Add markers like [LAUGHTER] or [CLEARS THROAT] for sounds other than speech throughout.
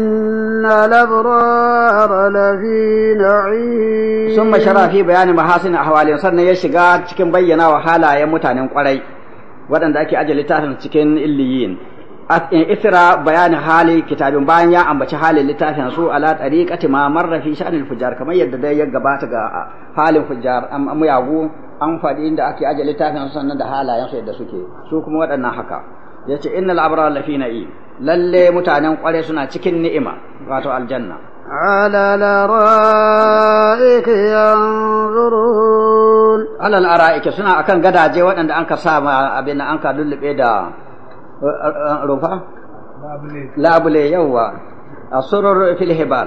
إن الأبرار لفي نعيم ثم شرع في بيان محاسن أحوالهم sannan ya shiga cikin bayyana wa halayen mutanen kwarai waɗanda ake ajiye littafin cikin illiyin isra bayanin hali kitabin bayan ya ambaci halin littafin su ala tariqati ma marra fi sha'anil fujar kamar yadda dai ya gabata ga halin fujar muyagu an faɗi inda ake ajiye littafin sannan da halayen yadda suke su kuma waɗannan haka yace innal abrar lafi na'im lalle mutanen kware suna cikin ni'ima wato aljanna ala lara'ik yanzurun ala lara'ik suna akan gadaje waɗanda an ka sa ma abin an ka lullube da uh, uh, rufa labule yawa asurur fil hibal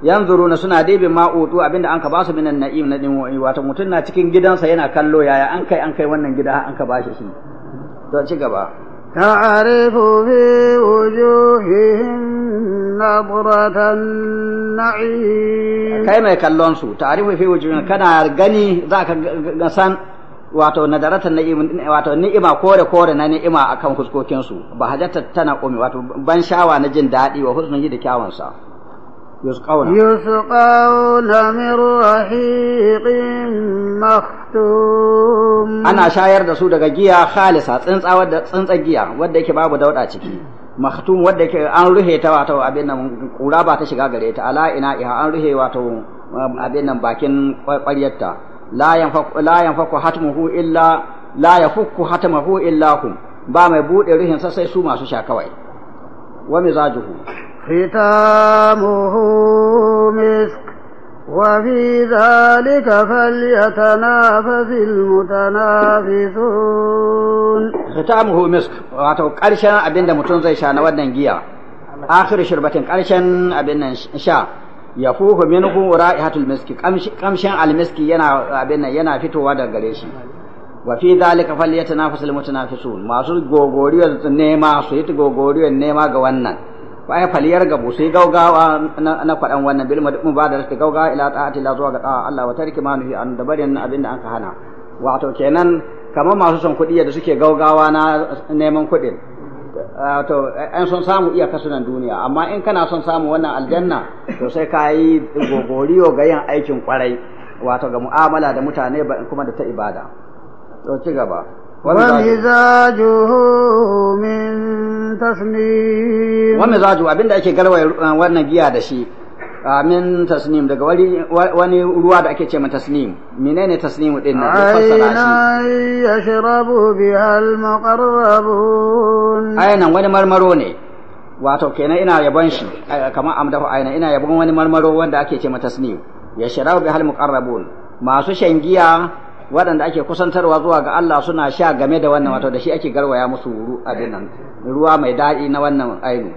yanzuruna suna dibin ma'utu abinda an ka basu minan na'im na dinwoyi wato mutum na cikin gidansa yana kallo yaya an kai an kai wannan gida an ka bashi shi don ci gaba تعرف في وجوههم نظرة النعيم كيما يكلون سو تعرف في وجوههم كان غني ذاك غسان wato na na'im wato ni'ima kore kore na ni'ima akan kuskokin su ba hajata tana komi wato ban shawa na jin daɗi wa husnun da kyawun sa يسقون يسقون من رحيق مختوم أنا شاير da su daga giya khalisa tsintsa giya wadda yake babu dauda ciki maktum wadda yake an ruhe ta wato abin nan kura ba ta shiga gare ta ala ina iha an ruhe wato abin nan bakin ƙwaryarta la yanfaku la yanfaku illa la ba mai buɗe ruhin sai su masu sha kawai wa mizajuhu ختامه مسك وفي ذلك فليتنافس المتنافسون ختامه مسك wato ƙarshen abin da mutum zai sha na wannan giya akhir shirbatin ƙarshen abin nan sha ya fuhu minhu ra'ihatul miski kamshin almiski yana abin nan yana fitowa daga gare shi wa fi dhalika falyatanafasul mutanafisun masu gogoriyar nema su yi gogoriyar nema ga wannan fa faliyar ga sai gaugawa na faɗan wannan bil da ta gaugawa ila ta'ati la zuwa ga ta'a Allah wa tarki ma nuhi an da barin abin da an ka hana wato kenan kamar masu son kuɗi da suke gaugawa na neman kuɗin to an son samu iya kasunan duniya amma in kana son samu wannan aljanna to sai ka yi gogoriyo ga yin aikin kwarai wato ga mu'amala da mutane kuma da ta ibada to ci gaba ومزاجه من تسنيم ومزاجه abin da ake garwaye wannan giya da shi min tasnim daga wani ruwa da ake ce ma tasnim menene tasnim din nan fassara shi yashrabu biha al-muqarrabun ayinan wani marmaro ne wato kenan ina yabon shi kamar dafa aina ina yabon wani marmaro wanda ake ce ma tasnim yashrabu biha al-muqarrabun masu shan giya waɗanda ake kusantarwa zuwa ga Allah suna sha game da wannan wato da shi ake garwaya musu abin nan ruwa mai daɗi na wannan ainu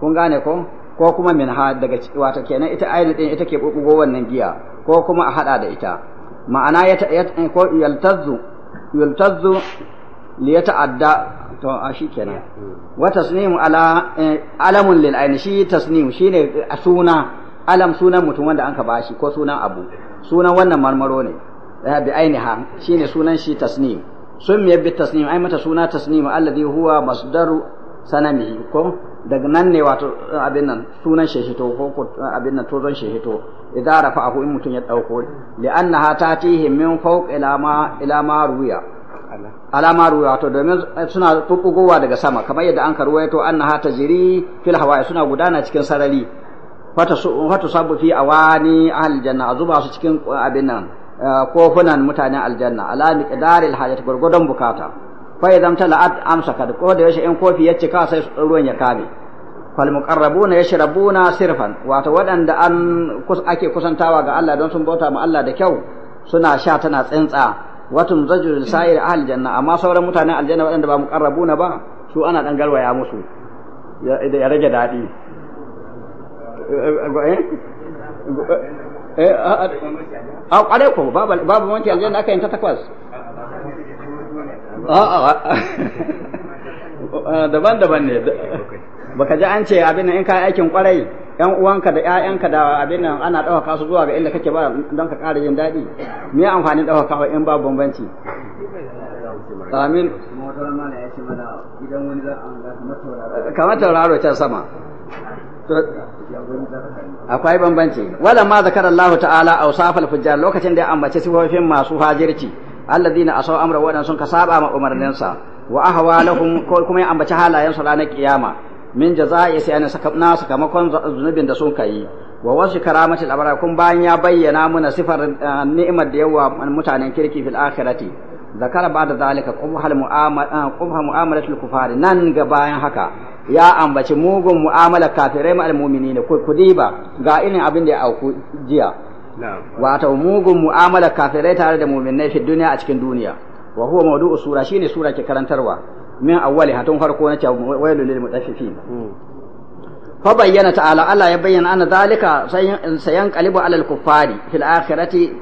kun gane ko ko kuma min ha daga wato kenan ita ainu din ita ke bubugo wannan giya ko kuma a hada da ita ma'ana ya eh, ko yaltazu yaltazu li yata'adda to a shi kenan wa tasnimu ala eh, alamun lil aini shi tasnimu shine suna alam sunan mutum wanda anka bashi ko sunan abu sunan wannan marmaro ne bi ainiha shine sunan shi tasnim sun miyar bi tasnim ai mata suna tasnim alladhi huwa masdaru sanamihi ko daga nan ne wato abin nan sunan shehito ko abin nan tozon shehito idan rafa ahu in mutum ya dauko li'annaha tatihi min fawq ila ma ila ma ruya alama ruwa wato domin suna tukugowa daga sama kamar yadda an karwaito annaha tajri fil hawa'i suna gudana cikin sarari fata sabu fi awani ahli janna azuba su cikin abin nan Eh, kofunan mutanen aljanna ala miqdaril hajat gurgudan bukata fa idan amsa kad ko da yashi in kofi ya cika sai ruwan ya kame fal muqarrabuna yashrabuna sirfan wato wadanda an ake kusantawa ga Allah don sun bauta ma Allah da kyau suna sha tana tsintsa watun zajul sa'ir ahli janna amma sauran mutanen aljanna wadanda ba muqarrabuna ba su ana dan galwaya musu ya rage daɗi eh, eh, Eh, a babu aljanna aka takwas daban-daban [LAUGHS] ne baka ji an ce abin in ka aikin kwarai yan uwanka da ƴaƴanka da abin nan ana ɗaukaka su zuwa ga inda kake ba don ka ƙara yin daɗi me amfanin ɗaukakawa in ba bambanci amin kamar tauraro can sama akwai bambanci wala ma zakara Allah ta'ala awsafal fujjar lokacin da ya ambace sifofin masu hajirci alladhina asaw amra wadan sun kasaba ma umarninsa wa ahwalahum ko kuma ya ambace halayen su ranar kiyama min jaza'i sai an saka na sakamakon zunubin da sun kai wa wasu karamati al kun bayan ya bayyana muna sifar eh, ni'imar da yawa mutanen kirki fil akhirati zakara da zalika eh, qubha mu'amalatul kufari nan ga bayan haka ya ambaci mugun mu'amala kafirai ma ne ku ba ga irin abin da ya auku jiya wato mugun mu'amala kafirai tare da muminai fi duniya a cikin duniya wa huwa mawdu'u sura shine sura ke karantarwa min awwali hatun farko na ta wailul lil mutaffifin fa bayyana ta'ala Allah ya bayyana anna zalika sayan qalibu alal kuffari fil akhirati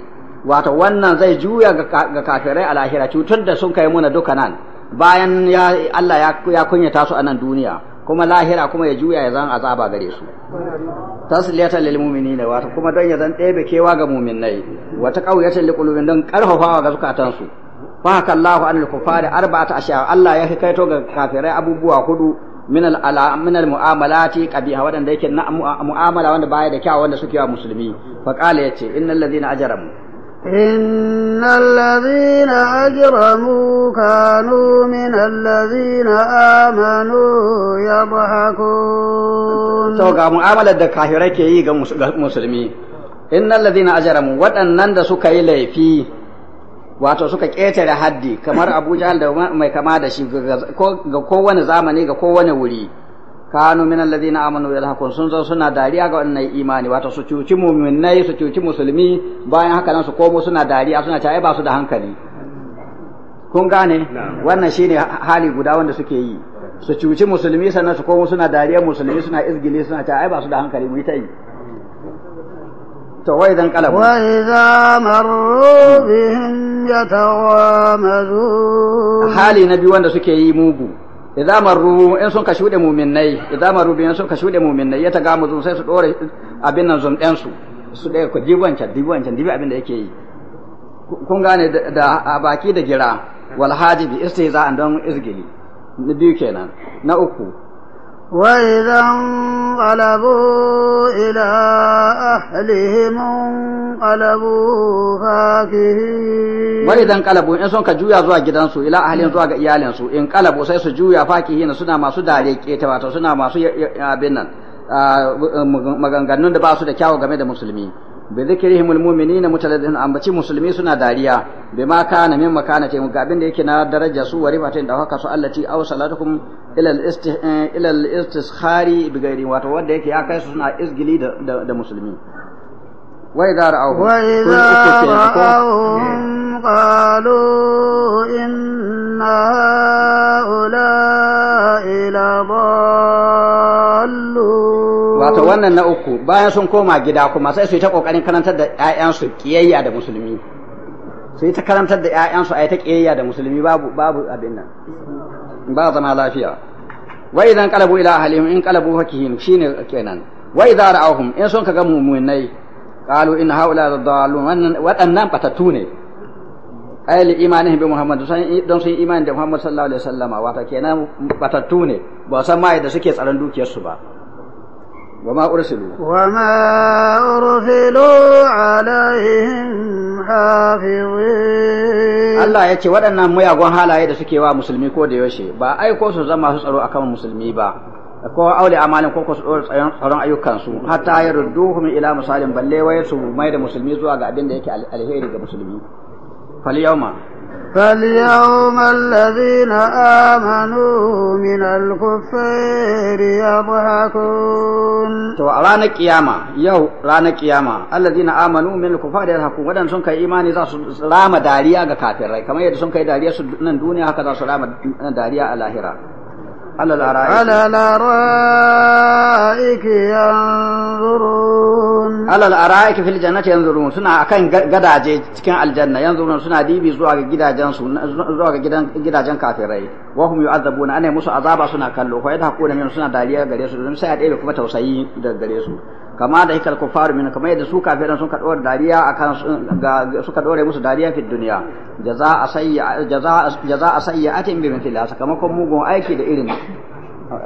wato wannan zai juya ga kafirai a lahira cutar da sun kai muna duka nan bayan Allah ya kunyata su a nan duniya kuma lahira kuma ya juya ya zan azaba gare su tasliyatan lil mu'minina wato kuma don ya zan ɗebe kewa ga mu'minai wata qawiyatan li qulubin don karfafawa ga zukatan su fa haka Allahu an kufari arba'ata ashiya Allah ya kaito ga kafirai abubuwa hudu min al min al mu'amalati qabiha wadanda yake na mu'amala wanda baya da kyawa wanda suke wa musulmi fa qala yace innal ladina ajramu إن الذين أجرموا كانوا من الذين آمنوا يضحكون to ga mu'amalar da kafirai ke yi ga musulmi innal ladina ajramu waɗannan da suka yi laifi wato suka ƙetare haddi kamar Abuja Jahl da mai kama da shi ga kowane zamani ga kowane wuri kanu min alladhina amanu yadhakun sun zo suna dariya ga wannan imani wato su cuci mu'minai su cuci musulmi bayan haka nan su komo suna dariya suna cewa ai ba su da hankali kun gane wannan shine hali guda wanda suke yi su cuci musulmi sannan su komo suna dariya musulmi suna izgili suna cewa ai ba su da hankali mu yi ta yi وإذا انقلبوا وإذا مروا بهم يتغامزون حالي نبي وانا سكي mugu. idza marru in sun kashu da mu'minnai idza marru bi in sun kashu da mu'minnai ya mu sai su dore abin nan zumɗen su su ɗaya ku dibancan dibancan dibi abin da yake yi kun gane da baki da gira wal hajibi istihza'an don izgili na biyu kenan na uku وإذا انقلبوا إلى أهلهم انقلبوا فاكهين وإذا انقلبوا إن سنك جويا زوا جدنسو إلى أهلهم زوا إيالنسو انقلبوا سيسو جويا فاكهين سنة ما سداريك إتواتو سنة ما سيابنن maganganun da ba su da kyawu game da bi zikrihim almu'minina mutaladin ambaci musulmi suna dariya bima kana min makana ta ga abin da yake na daraja su wa rifatin da haka su allati aw salatukum ila ila al-istikhari bi ghairi wato wanda yake ya kai su suna isgili da da musulmi wa idza ra'awhum wa idza ra'awhum qalu inna ula ila dallun wato oh. wannan na uku bayan sun koma gida kuma sai su yi ta kokarin karantar da ƴaƴansu kiyayya da musulmi su yi ta karantar da ƴaƴansu a yi ta kiyayya da musulmi babu babu abin nan ba zama lafiya wa idan qalabu ila ahlihim in qalabu fakihim shine kenan wa idza ra'awhum in sun kaga mu'minai qalu in haula dallun wannan wadannan patatu ne ay li imanihim bi muhammad don sun imani da muhammad sallallahu alaihi wasallama wato kenan patatu ne ba san ma da suke tsaron dukiyarsu ba وما أرسلوا وما Allah ya ce waɗannan muyagun halaye da suke wa musulmi ko da yaushe ba aiko su zama su tsaro a akan musulmi ba ko aure amalin ko su tsaron ayyukansu hatta ya rudduhum ila misalin balle wai su mai da musulmi zuwa ga abin da yake alheri ga musulmi fal فاليوم الذين آمنوا من الكفار يضحكون تو رانا قيامة يو رانا قيامة الذين آمنوا من الكفار يضحكون ودن سنك إيماني ذا سلام داريا كافر كما يد سنك داريا سنن دنيا هكذا سلام داريا الاهرة على الأرائك على الأرائك ينظرون على الأرائك في الجنة ينظرون سنة أكن قداجي تكن الجنة ينظرون سنة دي بي زواج جدا جنس زواج جدا جدا جن كافرين وهم يعذبون أنا موسى عذاب سنة كله فإذا كون من سنة دالية غريسو سنة سيد إلكم توسعي غريسو kama da hikal kufaru min kama yadda su kafiran sun kadore dariya akan suka dore musu dariya fi dunya jaza asayya jaza jaza asayyatin bi sakamakon mugun aiki da irin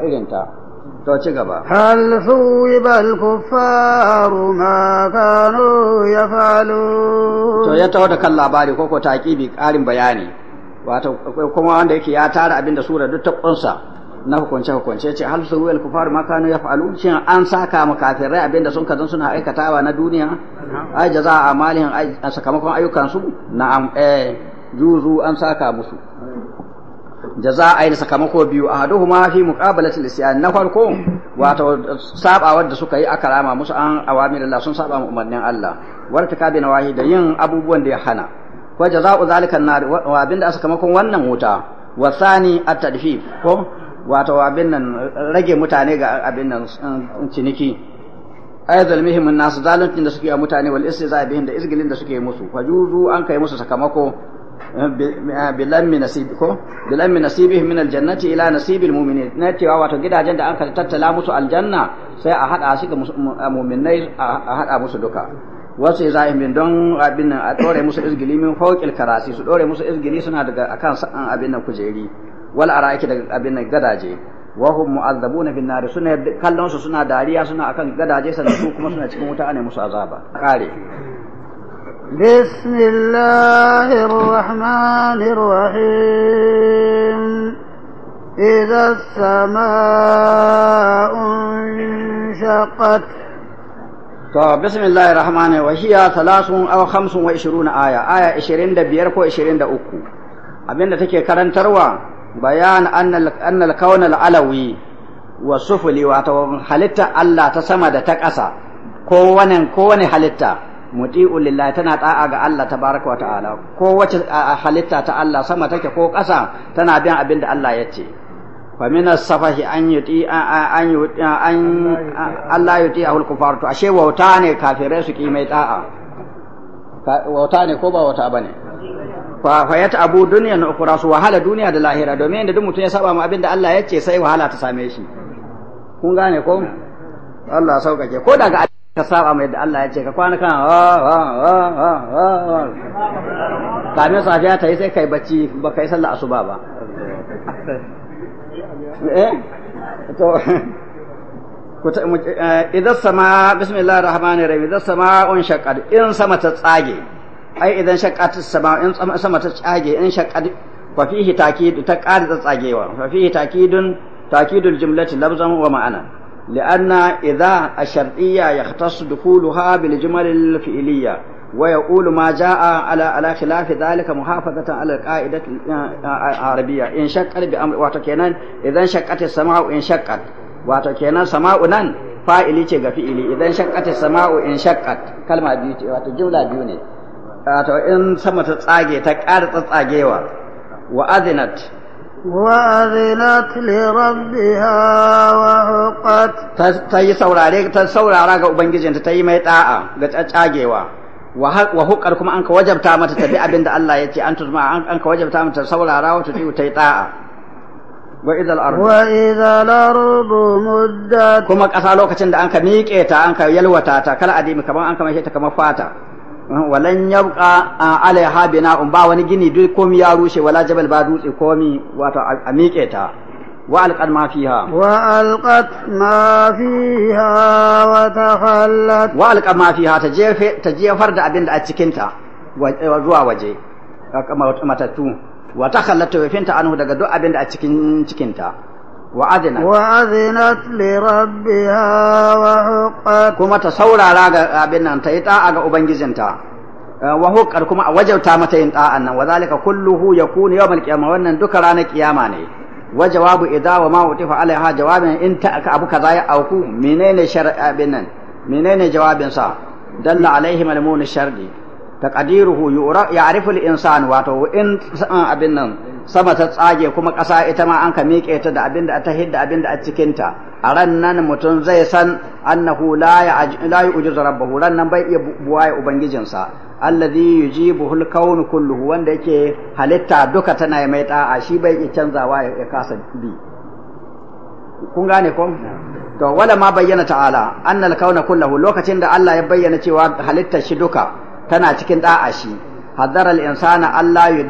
irin ta to ci gaba hal suwiba al ma kanu yafalu to ya tawo da kan labari ko ko taqibi karin bayani wato kuma wanda yake ya tara abinda sura duk ta kunsa na hukunce hukunce ce hal su wel kufar ma kanu yaf'alu shin an saka makafirai abinda sun kazan suna aikatawa na duniya ai jaza amalin a sakamakon ayyukan su na'am eh juzu an saka musu jaza ayin sakamako biyu ahaduhuma fi muqabalatil isyan na farko wato sabawar da suka yi a karama musu an awamir Allah sun saba umarnin Allah wartikabi nawahi da yin abubuwan da ya hana wa jaza'u zalika nar wa abinda sakamakon wannan wuta wasani at-tadfif ko wato abin nan rage mutane ga abin nan um, ciniki zalmihim an-nas zaluncin da suke a mutane wal istiza bihim da izgilin da suke musu fajuzu an kai musu sakamako eh, min nasibi ko min nasibihim min aljannati ila nasibil mu'minin na cewa wato gidajen da an ka tattala musu aljanna sai a hada shi ga mu'minai a hada musu duka wasu ya zahi min don abin nan a dore musu izgili min hokil karasi su dore musu izgili suna daga akan abin nan kujeri wal ara'iki daga abin nan gadaje wa hum mu'azzabuna bin nar suna kallon su suna dariya suna akan gadaje sannan su kuma suna cikin wuta ne musu azaba kare بسم الله الرحمن الرحيم إذا السماء انشقت abinda take karantarwa bayan annal kaunal alawi wa sufuli wata halitta Allah ta sama da ta ƙasa ko wani halitta muti'u lillahi tana ta'a ga Allah tabaraka wa ta'ala ko wacce halitta ta Allah sama take ko ƙasa tana bin abin da Allah ya ce fa min as-safahi an yuti an yuti an Allah yuti ahul kufar to ashe wauta ne kafirai su ki mai ta'a wauta ne ko ba wauta bane fa fa yata abu duniya na ukura su wahala duniya da lahira domin da duk mutum ya saba mu abinda Allah ya ce sai wahala ta same shi kun gane ko Allah ya sauƙaƙe ko daga ka saba mai da Allah ya ce ka kwana kan ah, ah, ah, kamin safiya ta yi sai kai bacci ba kai sallah asuba ba eh to eh, idan sama bismillahir rahmanir rahim idan sama un shaqqad in sama ta tsage ai idan shaqqat as-sama in sama ta tsage in shaqqat wa fihi takid ta qari tsagewa wa fihi takidun takidul jumlati lafzan wa ma'ana li'anna idza ash-shartiyya yahtassu dukhuluha bil jumal al-fi'liyya ويقول ما جاء على على خلاف ذلك محافظة على القاعدة العربية إن شقت بأمر واتكينا إذا شقت السماء إن شقت واتكينا سماء نن فاعلي تشي غفيلي إذا شقت السماء إن شقت كلمة بيوتي واتجملة بيوني to in sama ta tsage ta ƙara tsagewa wa azinat wa azinat li rabbiha wa huqat ta yi saurare ta saurara ga ubangijinta ta yi mai da'a ga tsagewa. wa huqar kuma an ka wajabta mata tabi abin da Allah ya ce an tuzma an ka wajabta mata saurara wa tuti ta yi da'a wa idal ardu wa idal ardu muddat kuma ƙasa lokacin da an ka miƙe ta an ka yalwata ta kal adimi kamar an ka mai ta kamar fata Uhm, walan yabqa bina um ba wani gini duk komi ya rushe wala jabal ba dutse komi wato a ta wa alqad ma fiha wa alqad ma fiha wa takhallat wa alqad ma fiha ta jefe ta jefar da abin da a cikin ta zuwa waje Wata matattu wa takhallat ta wefinta anhu daga duk abin da a cikin cikin ta وأذنت وأذنت لربها وحقت كما تسورا لا أبنا أنت إتاء أبنجزنتا وحقت كما وجبتا متى إتاء وذلك كله يكون يوم القيامة وأن دكران قيامة وجواب إذا وما أتف عليها جواب إن تأك أبو كذا أو كو منين شر أبنا منين جواب صار دل عليه ملمون الشر تقديره يعرف الإنسان واتو إن أبنا sama ta tsage kuma ƙasa ita ma an ka miƙe ta da abin da ta hidda abin da a cikinta a ran nan mutum zai san annahu la yu'jizu rabbahu ran nan bai iya ya ubangijinsa allazi yujibu al-kawn kulluhu wanda yake halitta duka tana mai ta'a shi bai iya canzawa ya kasa bi kun gane ko to wala ma bayyana ta'ala annal kauna kulluhu lokacin da Allah ya bayyana cewa halitta shi duka tana cikin da'a shi hadar Allah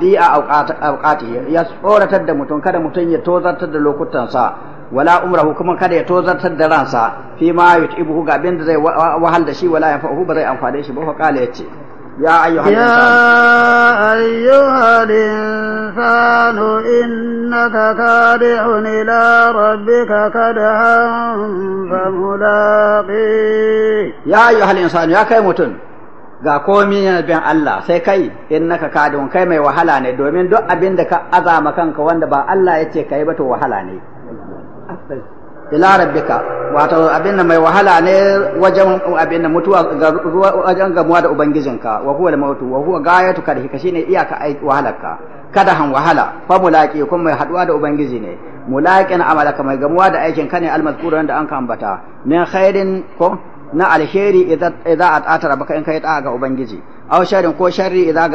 ya Allah a awqatihi ya tsoratar da mutum kada mutum ya tozartar da lokutansa wala umrahu kuma kada ya tozartar da ransa fi ma ya yutibuhu ga abin da zai wahal da shi wala yanfa'uhu ba zai amfane shi ba fa ya ce ya ayyuhal insanu ya ayyuhal insanu innaka kadihun ila rabbika kadhan famulaqi ya ayyuhal insanu ya kai mutum ga komi yana bin Allah sai kai in naka kadun kai mai wahala ne domin duk abin da ka azama kanka wanda ba Allah ya ce kai ba to wahala ne ila rabbika wato abin da mai wahala ne wajen abin da mutuwa wajen gamuwa da ubangijinka wa huwa al-mautu wa huwa gayatu kadhika shine iyaka wahalarka kada han wahala fa mulaqi kun mai haduwa da ubangiji ne mulaqin amalaka mai gamuwa da aikin ka ne al-mazkurun da an ka ambata min khairin ko na alheri idza at'ata rabbaka in kai ta ga ubangiji aw sharin ko sharri idza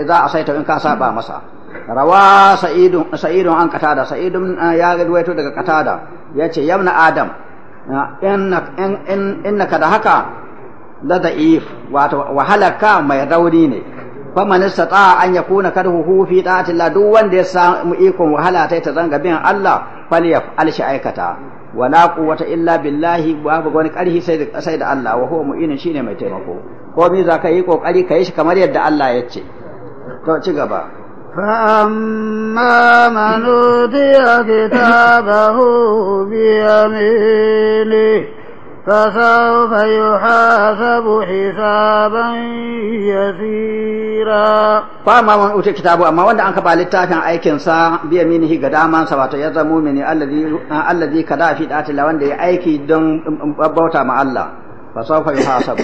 idza asaita in ka saba masa rawa sa'idun sa'idun an katada sa'idun ah, ya gadwaito daga katada yace yabna adam ah, innaka da haka da da'if wato wahalaka mai rauni ne faman istata an yakuna kadhuhu fi ta'ati Allah duk wanda ya samu ikon wahala ta ta zanga bin Allah falyaf alshi aikata wala quwwata illa billahi babu wani karhi sai da sai da Allah wa huwa mu'inun shine mai taimako Ko za ka yi kokari ka yi shi kamar yadda Allah ya ce to ci gaba فأما من أوتي كتابه بيمينه فسوف يحاسب حسابا يسيرا فما من اوتي كتابه اما وند أنك بالتافع ايكن سا بيمينه قداما سوات يزم مني الذي الذي كدا في ذات الله وند ايكي دون بوتا مع الله فسوف يحاسب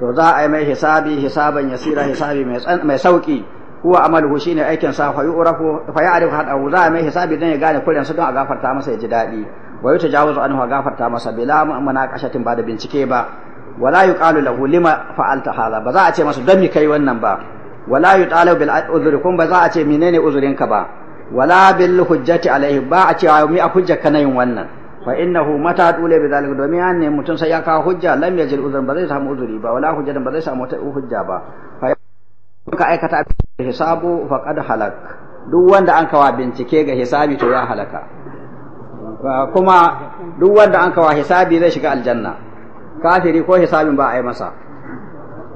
to za a yi mai hisabi hisaban yasira hisabi mai sauki huwa amaluhu shine aikin sa fa yu'rafu fa ya'rifu hadahu za a mai hisabi dan ya gane su don a gafarta masa ya ji daɗi wa yutajawazu anhu gafarta masa bila munaqashatin ba da bincike ba wala yuqalu lahu lima fa'alta hadha ba za a ce masa don mi kai wannan ba wala yutalu bil uzri kun ba za a ce menene uzurinka ba wala bil hujjati alaihi ba a ce mi a hujjarka na yin wannan fa innahu mata dule bi zalika domin an ne mutum sai ya kawo hujja lam yajil uzran ba zai samu uzuri ba wala hujjatan ba zai samu wata hujja ba fa ka aikata hisabu faqad halak duk wanda an kawa bincike ga hisabi to ya halaka kuma duk wanda an kawo hisabi zai shiga aljanna kafiri ko hisabin ba a yi masa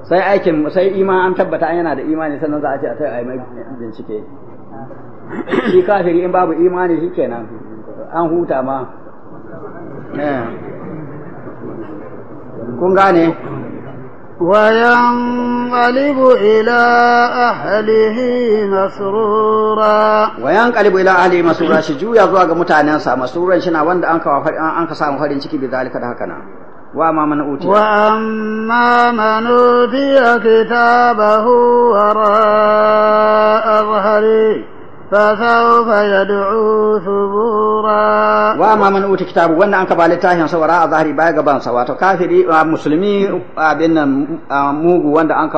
sai aikin sai iman an tabbata an yana da imani sannan za a ce a tai a yi mai bincike shi kafiri in babu imani shi kenan an huta ma eh. kun gane وينقلب إلى أهله مسرورا وينقلب إلى أهله مسرورا شجو يزوى سا مسرورا شنا واند أنك أنك سام فرين شكي بذلك دهكنا وأما من أوتي وأما من أوتي كتابه وراء ظهره فسوف يدعو ثبورا واما من اوتي كتابه وانا انك بالتاه سورا ظهري باي غبان سوا تو كافري مسلمي ابن موغو وانا انك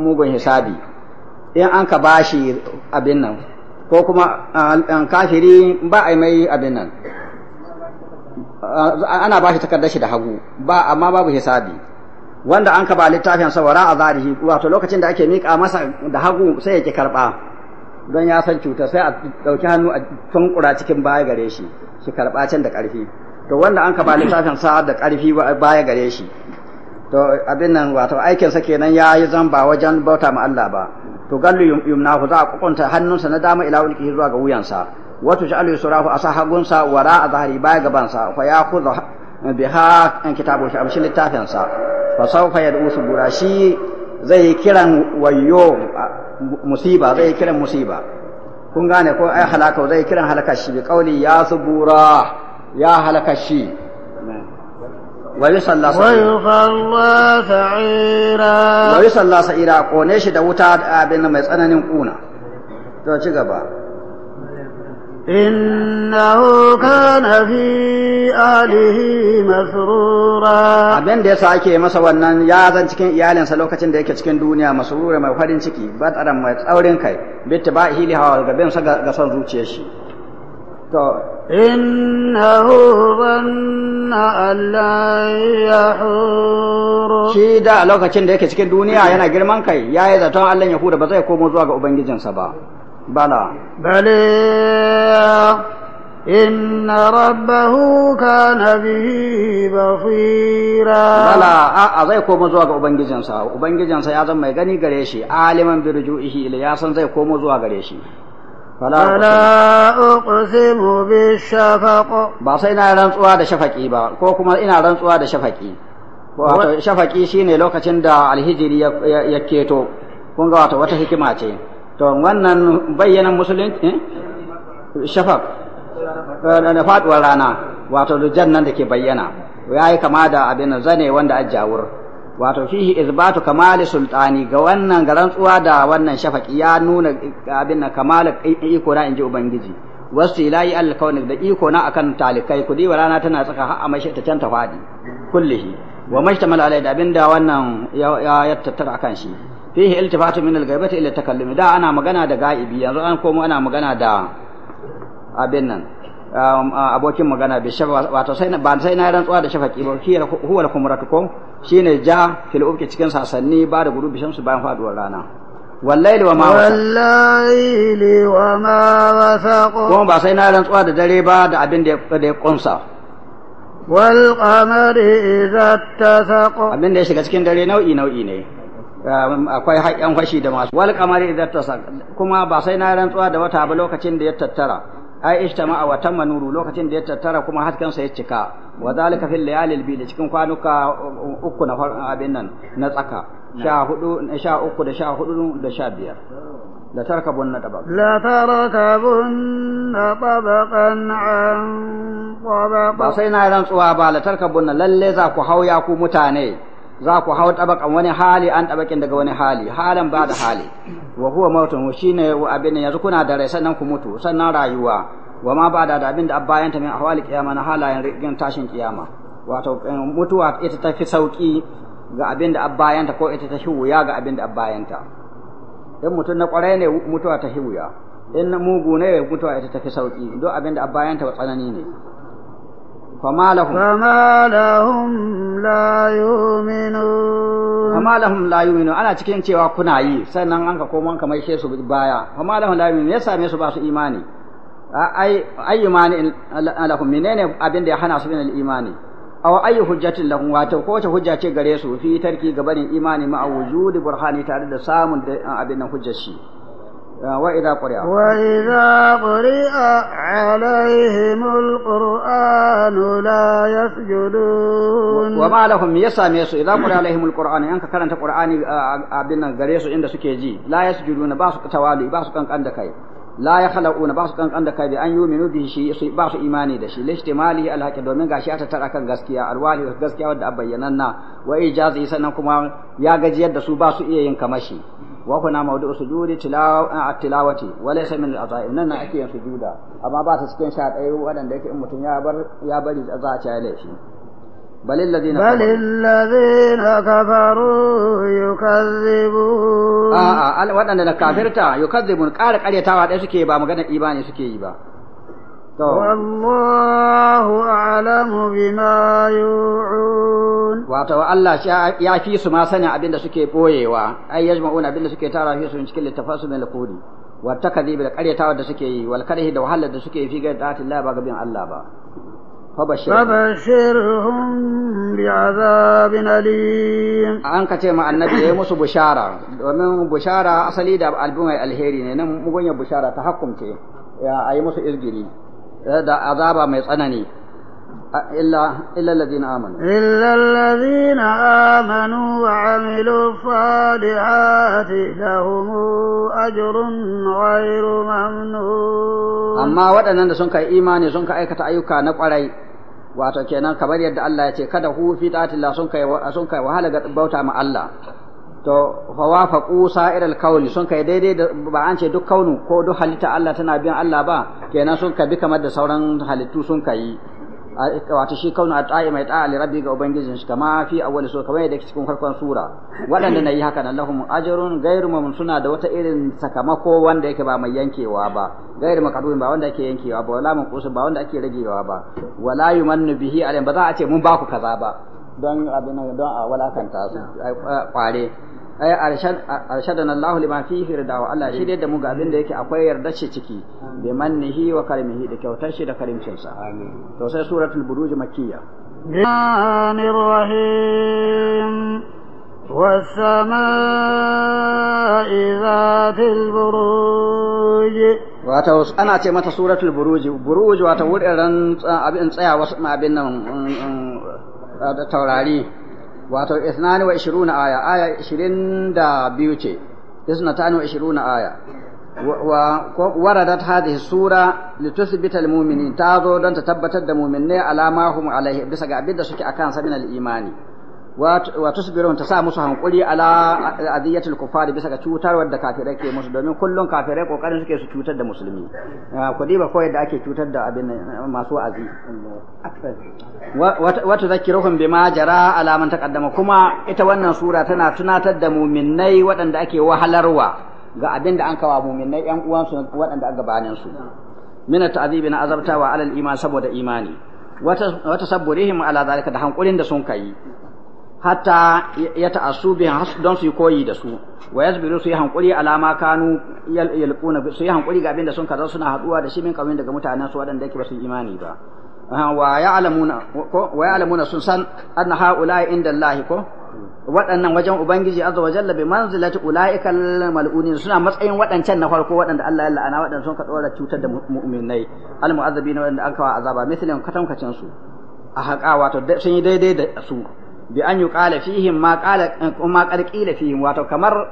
موغو حسابي in an باشي bashi abin nan ko kuma kafiri ba a mai abin nan ana bashi takardar shi da hagu ba amma babu hisabi wanda an ka ba littafin sawara a zarihi wato lokacin da ake miƙa masa da hagu sai yake ki karɓa don ya san cutar sai a ɗauki hannu a tunkura cikin baya gare shi su karɓa can da ƙarfi to wanda an ka ba littafin sa da ƙarfi baya gare shi to abin nan wato aikinsa kenan ya yi ba wajen bauta ma Allah ba to gallu hu za a kukunta hannunsa na dama ila wulki zuwa ga wuyansa wato sha'alu yusrahu asa hagunsa wara a zahari baya gabansa fa ya khudha biha an eh, kitabu shi amshi littafin sa fa sawfa yad'u subura shi zai yi kiran wayo musiba zai yi kiran musiba kun gane ko ai halaka zai yi kiran halaka shi bi kauli ya subura ya halaka shi wa yusalla sa'ira wa yusalla sa'ira kone shi da wuta abin mai tsananin kuna to ci gaba innahu kana fi alihi masrura abin da yasa ake masa wannan ya cikin iyalinsa lokacin da yake cikin duniya masrura mai farin ciki bataran mai tsaurin kai bittibahi li hawa gaben sa ga son zuciyar shi to إنه ظن أن لا shi da lokacin da yake cikin duniya yana girman kai yayi zaton Allah yahuda ba zai komo zuwa ga ubangijinsa ba بلى بل إن ربه كان به بصيرا بلى أزاي كوما زوا ga ubangijinsa ubangijinsa ya zama mai gani gare shi aliman bi rujuihi ya san zai komo zuwa gare shi fala uqsimu bi shafaq ba sai na rantsuwa da shafaqi ba ko kuma ina rantsuwa da shafaqi wato shafaqi shine lokacin da alhijiri ya keto kun wata hikima ce to wannan bayyanan musulunci eh? shafaq eh, da faduwar rana wato lujan nan da ke bayyana ya yi kama da abin zane wanda ajawur wato fihi izbatu kamali sultani ga wannan ga rantsuwa da wannan shafaqi ya nuna eh, abin na kamala iko na inji ubangiji wasu ilahi alkauni da iko na akan talikai kudi wa rana tana tsaka har a ta can ta fadi kullihi wa ta alai da abin da wannan ya tattara akan shi fihi iltifatu min al-ghaibati ila takallumi da ana magana da ga'ibi yanzu an komo ana magana da abin nan um, abokin magana bi shafa wato sai ba sai na rantsuwa da shafaqi ba shi huwa al-kumratu ko shine ja fil ufki cikin sasanni ba da gurubi shamsu bayan faduwar rana wallahi wa ma wallahi wa ma wasaq ko ba sai na rantsuwa da dare ba da abin da ya kunsa wal qamari idza tasaq abin da ya shiga cikin dare nau'i nau'i ne Um, akwai haƙƙin fashi da masu wal kamari idan ta kuma ba sai na rantsuwa da wata ba lokacin da ya tattara ai ishtama wa tamma nuru lokacin da ya tattara kuma hasken sa ya cika wa zalika fil layalil bil cikin kwanuka uku na abin nan na tsaka sha hudu sha uku da sha hudu da sha biyar la tarkabun tabaq la tarkabunna tabaqan an ba sai na rantsuwa ba la tarkabun lalle za ku hauya ku mutane za ku hau tabakan wani hali an tabakin daga wani hali halan ba da hali wa huwa mautun shine abin yanzu kuna da rai sannan ku mutu sannan rayuwa wa ma ba da abin da bayan ta min ahwali kiyama na halayen rigin tashin kiyama wato eh, mutuwa ita ta fi sauki ga abin da bayan ta ko ita ta wuya ga abin da bayan ta in mutum na kwarai ne mutuwa ta wuya in mugu ne mutuwa ita ta fi sauki don abin da bayan ta tsanani ne فما لهم فما لهم لا يؤمنون فما لهم لا يؤمنون انا cikin cewa kuna yi sannan an ka komo kamar she su baya fama lahum la yu'minun yasa me su ba su imani ai ai imani lahum menene abin da ya hana su min imani aw ayi hujjatin lahum wato ko wace hujja ce gare su fi tarki gabanin imani ma wujudi burhani tare da samun abin nan hujjar shi وإذا قرئ وإذا قرئ عليهم القرآن لا يسجدون وما لهم يسام يسو إذا قرئ عليهم القرآن أنك كانت القرآن أبنا غريسو عند سكيجي لا يسجدون باس توالي باس كان عندك لا يخلقون باس كان عندك بأن يؤمنوا به شيء باس إيماني دشي لاشتماله على حق دومين غاشي أتتر أكن غسكيا الوالي غسكيا ود أبيننا وإيجازي سنكما يا غجيات دسو باس إيه ينكمشي wa kuna maudu sujudi tilawati wa laysa min al-azaim nan na ake yin sujuda amma ba ta cikin sha dai wadanda yake in mutun ya bar ya bari za a ci shi laifi بل الذين بل الذين كفروا يكذبون آه آه وانا كافرتا يكذبون قال قال يتاوى ده سكي با مغنى suke yi ba. wallahu a'lamu Allah ya fi su ma sani abin da suke boyewa ai yajma'una abin da suke tara fi su cikin littafasu mai lakudi wa takdhib da qaryatawa da suke yi wal karhi da wahalar da suke fi Allah ba ga bin Allah ba فبشرهم بعذاب أليم أنك تيما النبي da بشارة ومن بشارة أصلي دا ألبوم الهيري نمو بشارة تحكم تي يا أي مس إزجري Eh, da azaba mai tsanani illa allazina amanu illa allazina amanu wa amilu fadihati lahum ajrun ghayru mamnun amma waɗannan da sun kai imani sun kai aikata ayyuka na ƙwarai wato kenan kamar yadda Allah ya ce kada hu fi ta'atillah sun kai wahala ga bauta ma Allah to fawafaqu sa'iral kauni sun kai daidai da ba an ce duk kaunu ko duk halitta Allah tana biyan Allah ba kenan sun ka bi kamar da sauran halittu sun kai wato shi kaunu ata'i mai ta'a li rabbi ga ubangijin shi kama fi awwal sura kamar yadda cikin farkon sura waɗanda nayi haka nan lahum ajrun ghairu mamun suna da wata irin sakamako wanda yake ba mai yankewa ba ghairu maqdun ba wanda ake yankewa ba wala manqusun ba wanda ake ragewa ba wala yumannu bihi alayhim ba za a ce mun ba ku kaza ba don abin don a walakanta su kware ay arshadana Allahu lima fihi ridawa Allah shi dai da mu ga abin da yake akwai yarda ce ciki bi mannihi wa karimihi da kyautar shi da karimcin sa amin to sai suratul buruj makkiya anir rahim was-samaa'i ذات buruj wato ana ce mata suratul buruj buruj wato wurin abin tsaya wasu abin nan mm, mm, taurari wato isnani wa ishiruna aya aya ishirin da biyu ce isnatani wa ishiruna aya wa waradat hadhihi sura litusbita almu'minin ta zo don ta tabbatar da mu'minai alama hum alaihi bisa ga abin da suke akan sa min al-imani wa tusbirun ta sa musu hankuri ala adiyatul kufari bisa ga cutar da kafirai ke musu domin kullum kafirai kokarin suke su cutar da musulmi kudi ba koyar da ake cutar da abin masu azi wa tuzakkiruhum bima jara ala man taqaddama kuma ita wannan sura tana tunatar da muminnai waɗanda ake wahalarwa ga abin da an kawa muminnai ƴan uwansu waɗanda aka gabanin su min ta'dibi na azabtawa alal iman saboda imani wata saburihim ala zalika da hankulin da sun kai hatta ya ta'assu bi don su koyi da su wa yasbiru su yi hankuri alama kanu yalquna su yi hankuri ga abin da sun kaza suna haduwa da shi min kawai daga mutanen su waɗanda yake ba su imani ba wa ya'lamuna ko wa ya'lamuna sun san anna ha'ula'i inda Allah ko waɗannan wajen ubangiji azza wa jalla bi manzilati ulaikal mal'unin suna matsayin waɗancan na farko waɗanda Allah ya la'ana waɗanda sun ka dora cutar da mu'minai al mu'azzabina waɗanda an wa azaba mislin katankacin su a haƙa wato sun yi daidai da su bi an yi ƙala fihim ma ƙala ƙila fihim wato kamar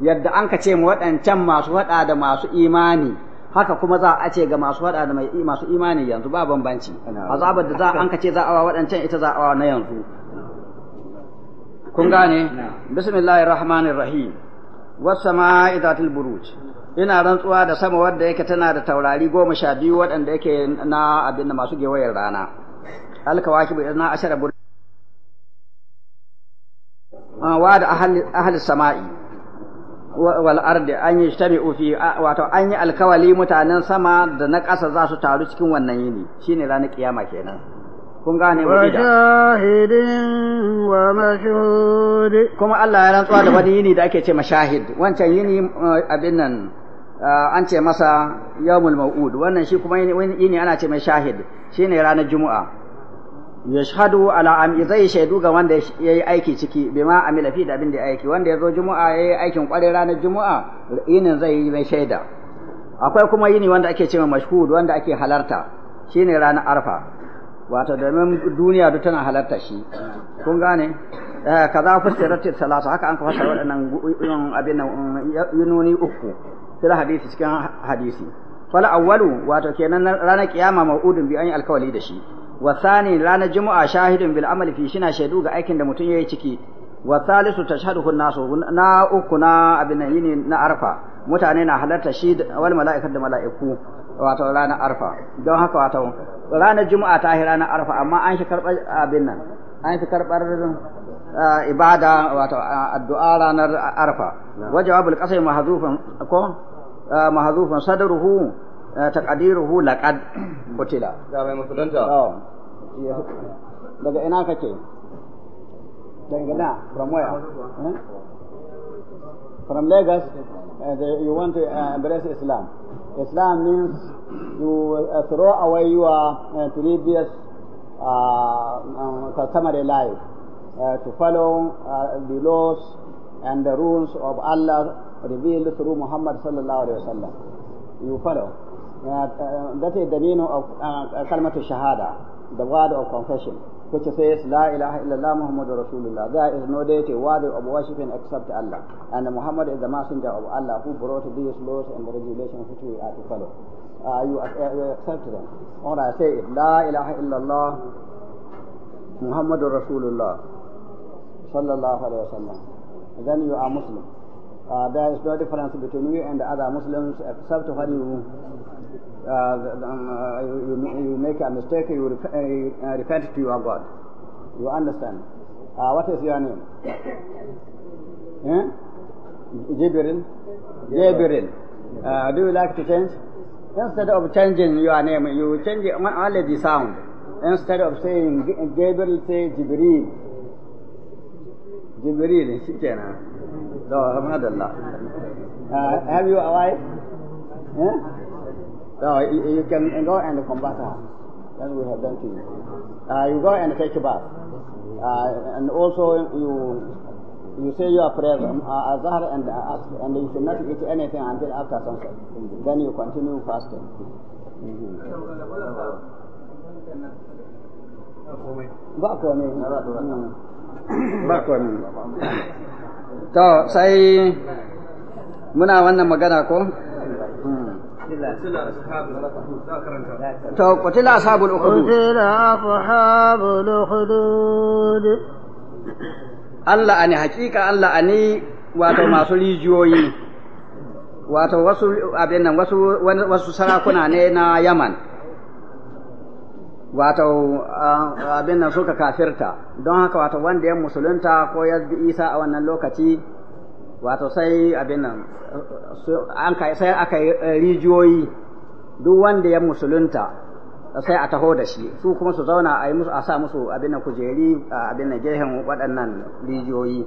yadda an ka ce waɗancan masu faɗa da masu imani haka kuma za a ce ga masu faɗa da masu imani yanzu ba bambanci azabar da za an ka ce za a wa waɗancan ita za a wa na yanzu kun gane bismillahir rahmanir rahim was-sama'i zatil buruj ina rantsuwa da sama wadda yake tana da taurari goma sha biyu waɗanda yake na abin da masu gewayar rana alkawaki bi na ashara wa da ahli sama'i wal ardi an yi shtami fi wato an yi alkawali mutanen sama da na ƙasa za su taru cikin wannan yini shine ranar kiyama kenan kun gane mu ida shahidin wa mashhud kuma Allah ya rantsuwa da wani yini da ake ce mashahid wancan yini abin nan an ce masa yawmul mau'ud wannan shi kuma yini ana ce mai shahid shine ranar juma'a yashhadu ala am zai shaidu ga wanda yayi aiki ciki bima amila fi da abin da ya aiki wanda ya zo juma'a yayi aikin kware ranar juma'a yinin zai yi mai shaida akwai kuma yini wanda ake cewa mashhud wanda ake halarta shine ranar arfa wato domin duniya duk tana halarta shi kun gane eh, kaza fusiratit salatu haka an kafa yin abin nan mm, yununi uku fil hadisi cikin hadisi fala awwalu wato kenan ranar kiyama mau'udun bi an yi alkawali da shi Wasani, sani ranar juma'a shahidun bil amali fi shina shaidu ga aikin da mutum yayi ciki wa salisu tashhaduhu nasu na uku na abin yini na arfa mutane na halarta shi wal mala'ikatu da mala'iku wato ranar arfa don haka wato ranar Jumu'a ta yi ranar arfa amma an shi karbar abin nan an shi karbar ibada wato addu'a ranar arfa wa jawabul qasam mahzufan ko mahzufan sadruhu Eh, [CLEARS THROAT] oh. from where eh? from Lagos eh, you want to embrace Islam Islam means you throw away your previous ah, um, customary life to follow the laws and the rules of Allah revealed through Muhammad sallallahu alaihi wasallam you follow that is the meaning of uh, uh shahada the word of confession which says la ilaha illallah muhammadur rasulullah there is no deity worthy of worshiping except Allah and Muhammad is the messenger of Allah who brought these laws and the regulations which we are to follow uh, you, uh, you accept them or I say it la ilaha illallah muhammadur rasulullah sallallahu alaihi wasallam then you are Muslim Uh, there is no difference between you and other Muslims except when you, uh, um, uh, you, you, make a mistake, you, rep uh, uh, repent to your God. You understand? Uh, what is your name? [COUGHS] eh? Jibril? do you like to change? Instead of changing your name, you change only the sound. Instead of saying Gabriel, say Jibril. Jibril, so, alhamdulillah. Uh, have you arrived? wife? you, you can go and combat her. That we have done to you. Uh, you go and take a bath. Uh, and also, you you say your prayers um, uh, azhar and uh, ask, and you should not eat anything until after sunset. Then you continue fasting. Mm -hmm. Back for me. Back for me. Mm. [COUGHS] to sai muna wannan magana ko to qutila ashabul ukhdud qutila ashabul ukhdud Allah ani hakika Allah ani wato masu rijiyoyi wato wasu abin nan wasu wasu sarakuna ne na Yaman wato abin nan suka kafirta don haka wato wanda ya musulunta ko ya bi isa a wannan lokaci wato sai abin nan sai aka yi eh, rijiyoyi duk wanda ya musulunta sai a taho da shi su kuma su zauna a yi musu a sa musu abin nan kujeri abin nan gehen waɗannan rijiyoyi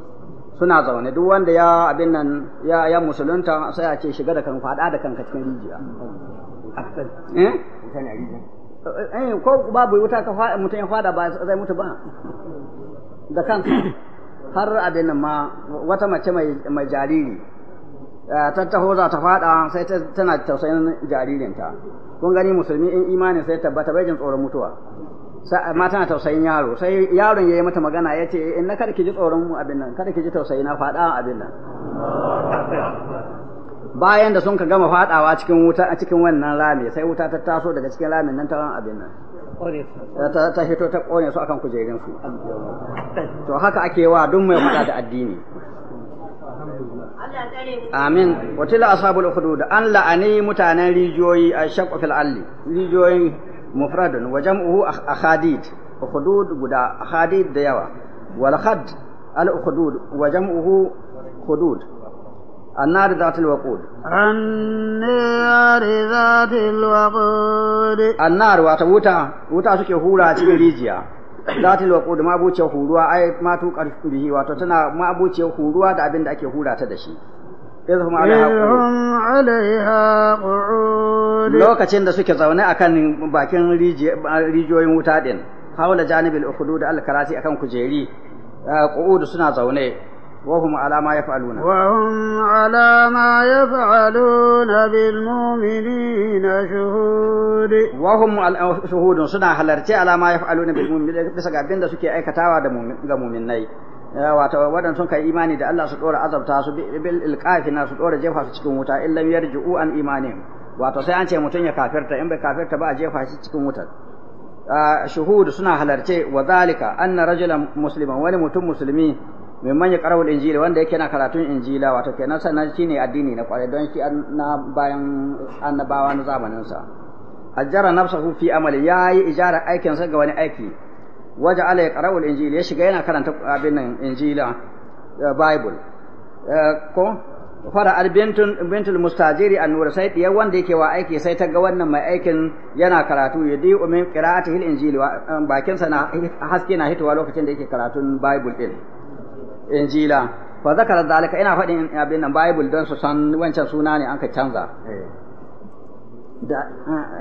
suna zaune duk wanda ya abin nan ya musulunta sai a ce shiga da kan faɗa da kanka cikin rijiya hmm. eh? eh ko babu wuta ka fa mutum ya fada ba zai mutu ba da kanka har abin ma wata mace mai jariri eh, ta taho za ta fada sai tana tausayin jaririnta kun gani musulmi in imanin sai tabbata bai jin tsoron mutuwa ma tana tausayin yaro sai yaron ya yi mata magana ya ce in na kada ki ji tsoron abin nan kada ki ji tausayi na fada abin nan bayan da sun ka gama fadawa cikin wuta a cikin wannan rami sai wuta ta taso daga cikin ramin nan ta ran abin nan ta hito ta kone su akan kujerin su to haka ake wa duk mai fada da addini amin watila ashabul ukhdud an la'ani mutanen rijiyoyi a shaqqu fil alli rijiyoyin mufradun wa jam'uhu akhadid ukhdud guda akhadid da yawa wal khad al ukhdud wa jam'uhu khudud النار ذات الوقود النار ذات الوقود النار وتوتا وتا suke hura cikin rijiya zatil waqud ma abuciyar huruwa ai ma tu karfi bihi wato tana ma huruwa da abin ake hura ta da shi izhum alaiha qu'ud lokacin da suke zaune a kan bakin rijiyoyin wuta din hawla janibil ukhdud al karasi akan kujeri qu'ud suna zaune وهم على ما يفعلون وهم على ما يفعلون بالمؤمنين شهود وهم شهود سنا على ما يفعلون بالمؤمنين suke aikatawa ga wato waɗanda sun kai imani da Allah su dora azabta su bil ilqafina su ɗora jefa su cikin wuta illam yarji'u an imani wato sai an ce mutum ya kafirta in bai kafirta ba a jefa shi cikin wutar shuhud suna halarce wa zalika anna rajulan musliman wani mutum musulmi mai manya karawul injila wanda yake na karatun injila wato kenan sannan ne addini na kwarai don shi na bayan annabawa na zamanin sa ajjara nafsahu fi amali yayi ijara aikin sa ga wani aiki waje ala ya karawul injila ya shiga yana karanta abin nan injila eh, bible eh, ko fara albintun bintul mustajiri an nur sai ya wanda yake wa aiki sai ta ga wannan mai aikin yana karatu ya di umin qira'atihil injili eh, bakin sa na haske na hitowa lokacin da yake karatun bible din injila fa zakara zalika ina faɗin abin nan bible don su san wancan suna ne an ka canza eh. da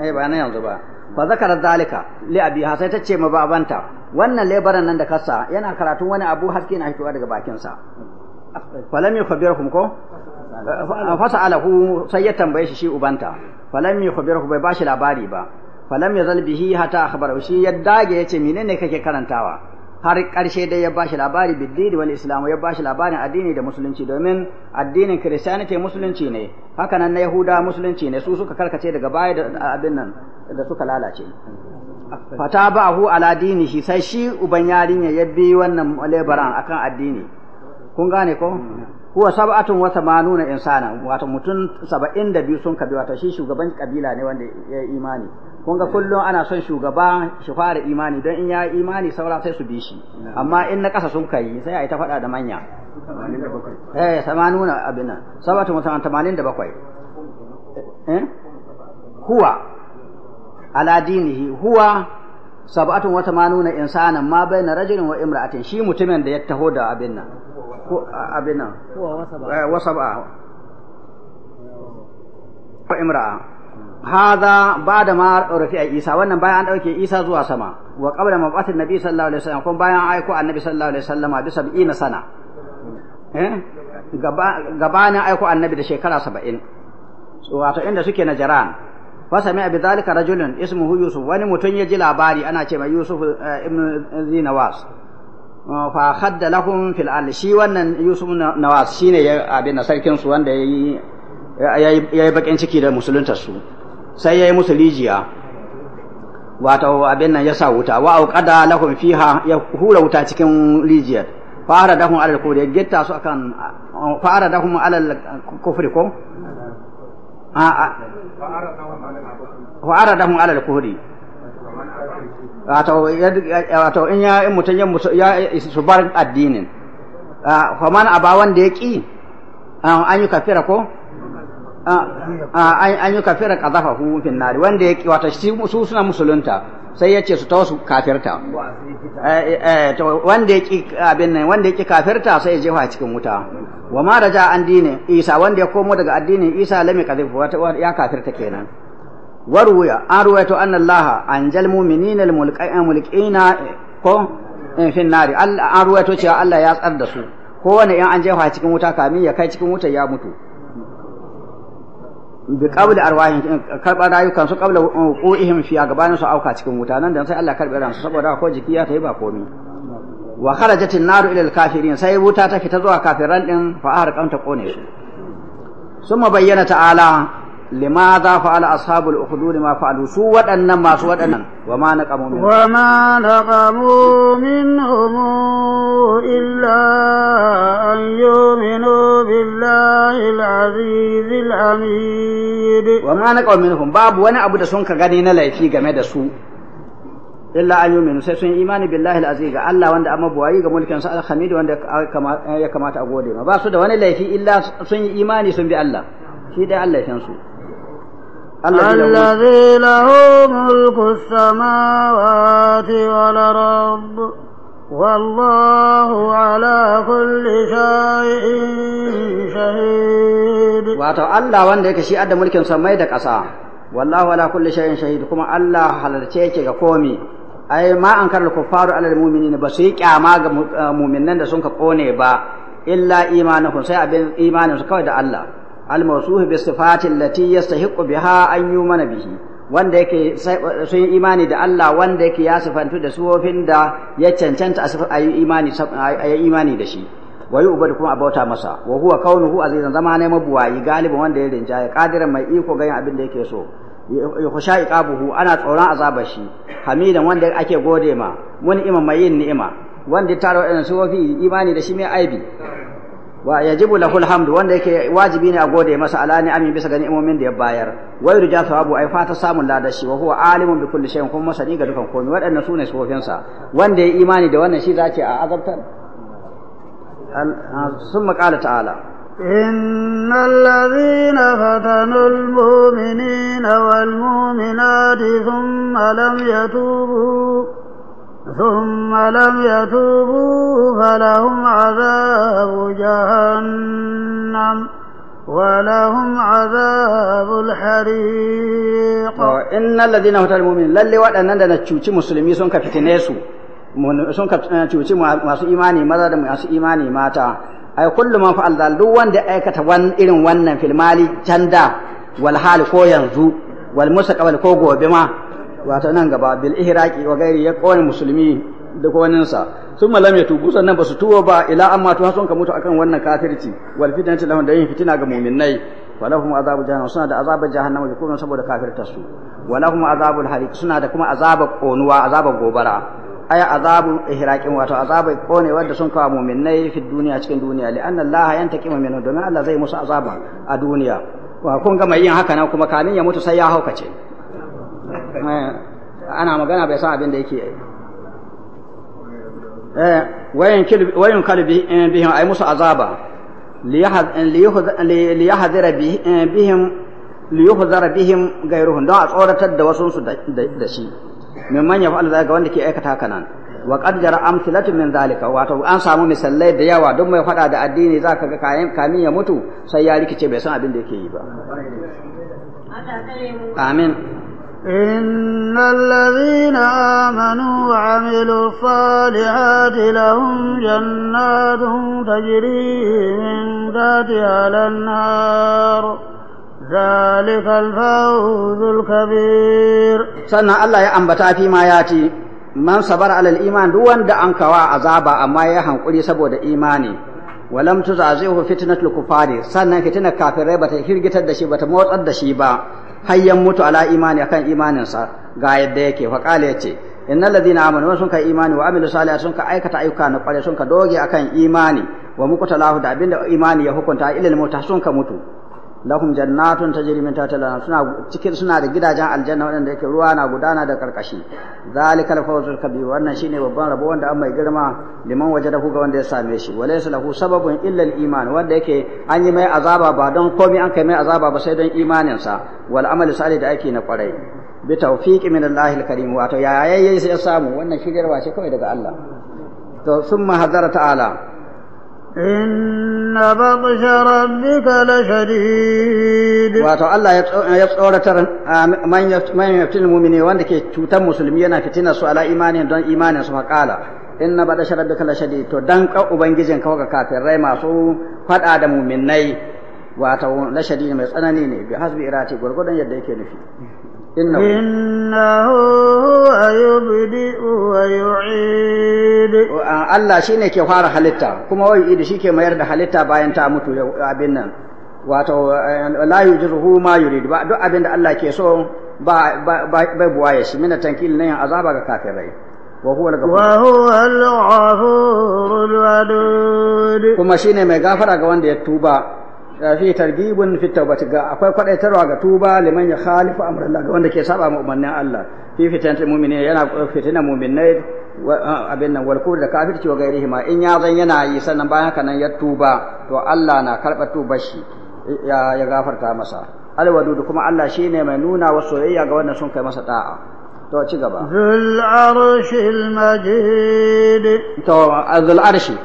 eh ba na yanzu ba fa zakara zalika li abi ha sai ta ce ma babanta wannan lebaran nan da kasa yana karatun wani abu haske na fitowa daga bakin sa falam yukhbirukum ko fasa'alahu sai ya tambaye shi shi ubanta falam yukhbiruhu bai bashi labari ba falam yazal bihi hatta akhbarahu shi ya dage yace menene kake karantawa har ƙarshe dai ya bashi labari biddini wani islamu ya bashi labarin addini da musulunci domin addinin kiristiyaniti musulunci ne haka na yahuda musulunci ne su suka karkace daga baya da abin nan da suka lalace fata ba'ahu ala dinihi sai shi uban yarinya ya bi wannan lebaran akan addini kun gane ko huwa sab'atun wa thamanuna insana wato mutum 72 sun kabi wato shi shugaban kabila ne wanda ya imani kun ga kullum ana son shugaba shi fara imani don in ya imani saura sai su bi shi amma in na ƙasa sun kai sai a yi ta faɗa da manya eh nuna abin nan sabatu mutum tamanin da bakwai eh? huwa ala dinihi huwa sabatu wa tamanuna insanan ma baina rajulin wa imra'atin shi mutumin da ya taho da abin nan ko abin nan huwa wa sab'a eh, wa imra'a hadha ba'da ma rafi'a Isa wannan bayan an dauke Isa zuwa sama wa qabla mab'atin nabi sallallahu alaihi wasallam kuma bayan aiko annabi sallallahu alaihi wasallama bi 70 sana eh gaba gabanin aiko annabi da shekara 70 wato inda suke na jaran فسمع بذلك رجل ismuhu Yusuf wani mutum ya ji labari ana ce mai Yusuf ibn Zinawas fa khadda lahum fil al shi wannan Yusuf Nawas shine ya abin sarkin su wanda yayi yayi bakin ciki da musuluntar su sai ya yi musu rijiya wato abin nan ya sa wuta wa auqada lahum fiha ya hura wuta cikin rijiyar fara dahum alal kufri ya getta su akan fara dahum alal kufri ko a a fara dahum alal kufri wato wato in ya in mutun ya su bar addinin fa man aba wanda ya ki an yi kafira ko Ah, ah, an yi kafira kazafa hufin nari wanda ya wata su suna musulunta sai ya ce su ta wasu kafirta eh, eh, wanda ya ki abin nan wanda ya ki kafirta sai ya jefa cikin wuta wa ma raja an dine isa wanda ya komo daga addinin isa lami kazafa ya kafirta kenan waruya an ruwaito anna allaha anjal mu'minina mulqina ko eh, fin nari an ruwaito cewa Allah ya tsar da su kowane in an jefa cikin wuta kamin ya kai cikin wuta ya mutu bi qabli arwahin karba rayukan su qabla qu'ihim fi gabanin su auka cikin wuta nan dan sai Allah karbe ransu saboda ko jiki ya tayi ba komi wa kharajat an-nar ila al-kafirin sai wuta ta fita zuwa kafiran din fa arqanta kone su ma bayyana ta'ala لماذا فعل أصحاب الأخدود ما فعلوا سوى أن ما سوى وما نقموا منهم وما نقموا منهم إلا أن يؤمنوا بالله العزيز الحميد وما نقموا منهم باب وانا أبو دسون كغني نلاي في جمع دسو إلا أن يؤمنوا سيسون إيمان بالله العزيز ألا واند أما بواي جمولك أنسى الخميد واند يكما يكما تأقولي ما باسود وانا لاي في إلا سون إيماني سون بالله شيء ده الله ينسوه الذي له ملك السماوات والأرض Allah على wanda yake shi adda mulkin samai da ƙasa wallahu ala kulli shay'in shahid kuma Allah halarce ga komi ai ma an karar kuffaru alal mu'minina ba su yi kyama ga mu'minan da sun ka kone ba illa imanuhum sai abin imaninsu kawai da Allah al-mawsuh bi ya allati yastahiqu biha an mana bihi wanda yake sun yi imani da Allah wanda yake ya sifantu da suwofin da ya cancanta a yi imani a yi imani da shi wa da kuma a bauta masa wa huwa kaunuhu azizan zama ne mabuwayi galibin wanda ya rinjaya qadiran mai iko ganin abin da yake so yukhsha iqabuhu ana tsoron azabar shi hamidan wanda ake gode ma mun imam mai yin ni'ima wanda ya tara wadannan suwofi imani da shi mai aibi wa yajibu lahu alhamdu wanda yake wajibi ne a gode masa ala ni amin bisa ga ni'imomin da ya bayar wa yurja thawabu ai fata samun ladashi wa huwa alimun bi kulli shay'in kuma masani ga dukan komai waɗannan sune sufofin sa wanda ya imani da wannan shi zace a azabtar ثم قال تعالى إن الذين فتنوا المؤمنين والمؤمنات ثم لم يتوبوا ثم لم يتوبوا فلهم عذاب جهنم ولهم عذاب الحريق إن الذين هم المؤمنين للي وأنا أنا تشوشي مسلمي سنك فتنسو sun ka cuci masu imani maza da masu imani mata ai kullu man fa'al dal duk aikata irin wannan filmali canda wal hal ko yanzu wal mustaqbal ko gobe ma wato nan gaba bil ihraqi wa gairi ya kawai musulmi da kowaninsa sun malam ya tubu sannan ba su tuwo ba ila amma tu hasun ka mutu akan wannan kafirci wal fitnati lahum da yin fitina ga mu'minnai wa lahum azabu jahannam suna da azabar jahannam da kuma saboda kafirta su wa lahum azabul hariq suna da kuma azabar konuwa azabar gobara Aya azabu ihraqin wato azabar kone wanda sun kawo mu'minnai fi duniya cikin duniya li anna allaha yantaqimu minhu domin Allah zai musu azaba a duniya wa kun ga mai yin haka na? kuma kamin ya mutu sai ya haukace Eh, ana magana bai san abin da yake yi eh, wayan kalbi eh, bihim ay musu azaba liyahzira bihim liyuhzara bihim gairuhum don a tsoratar da wasu su da shi min manya fa'al zalika wanda ke aikata kanan wa qad jara amsalatu min zalika wato an samu misalai da yawa don mai fada da addini ka ga kayan kamin ya mutu sai ya rikice bai san abin da yake yi ba amin إن الذين آمنوا وعملوا الصالحات لهم جنات تجري من تحتها الأنهار ذلك الفوز الكبير سنة الله يا أنبتا فيما ياتي من صبر على الإيمان دون دا أنكوا عذابا أما يهن قولي سبو دا إيماني ولم تزعزعه فتنة الكفار سنة فتنة كافر بتا هرجت الدشي بتا موت الدشي با hayyan mutu ala imani akan imaninsa ga yadda yake fa ya yace innal ladina amanu sun kai imani wa amilu salihat sun ka aikata ayyuka na kware sun ka doge akan imani wa muqtalahu da abinda imani ya hukunta ilal mutu sun ka mutu lahum jannatun tajri min tahtiha suna cikin suna da gidajen aljanna wanda yake ruwa na gudana da karkashi zalikal fawzul kabir wannan shine babban rabo wanda an mai girma liman wajadahu ga wanda ya same shi walaysa lahu sababun illa al-iman wanda yake an yi mai azaba ba don komai an kai mai azaba ba sai don imanin sa wal amal salih da ake na kwarai bi tawfiqi min Allah karim wato yayaye sai ya samu wannan shiryarwa ce kawai daga Allah to summa hadara ta'ala inna batsha rabbika shadid. wato Allah ya tsoratar manyan yaftil mu'mini wanda ke cutar musulmi yana fitina su ala imani don imanin su maƙala inna batsha rabbika shadid. to dan ubangijin kawai ga rai masu fada da mu'minai wato shadid mai tsanani ne bi hasbi irati gurgurdan yadda yake nufi إنه, إنه هو يبدئ ويعيد الله شيء ke fara halitta kuma wai idi shi ke mayar da halitta bayan ta mutu abin nan wato la yujruhu ma yurid ba duk abin da Allah ke so ba bai buwaye shi mina tankil nan azaba ga kafirai wa huwa al-ghafur wa huwa al kuma shine mai gafara ga wanda ya tuba Eh, fi targibun fi tawbati ga akwai kwadaitarwa ga tuba liman ya khalifu amr ga wanda ke saba ma umarnin Allah fi fitnatul mu'minin yana fitina mu'minai eh, abin nan wal da kafirci wa ma in ya zan yana yi sannan bayan haka nan ya tuba to Allah na karba tubar shi ya ya gafarta masa alwadud kuma Allah shine mai nuna wa soyayya ga wanda sun kai masa da'a to ci gaba zul arshil majid to azul eh, arshi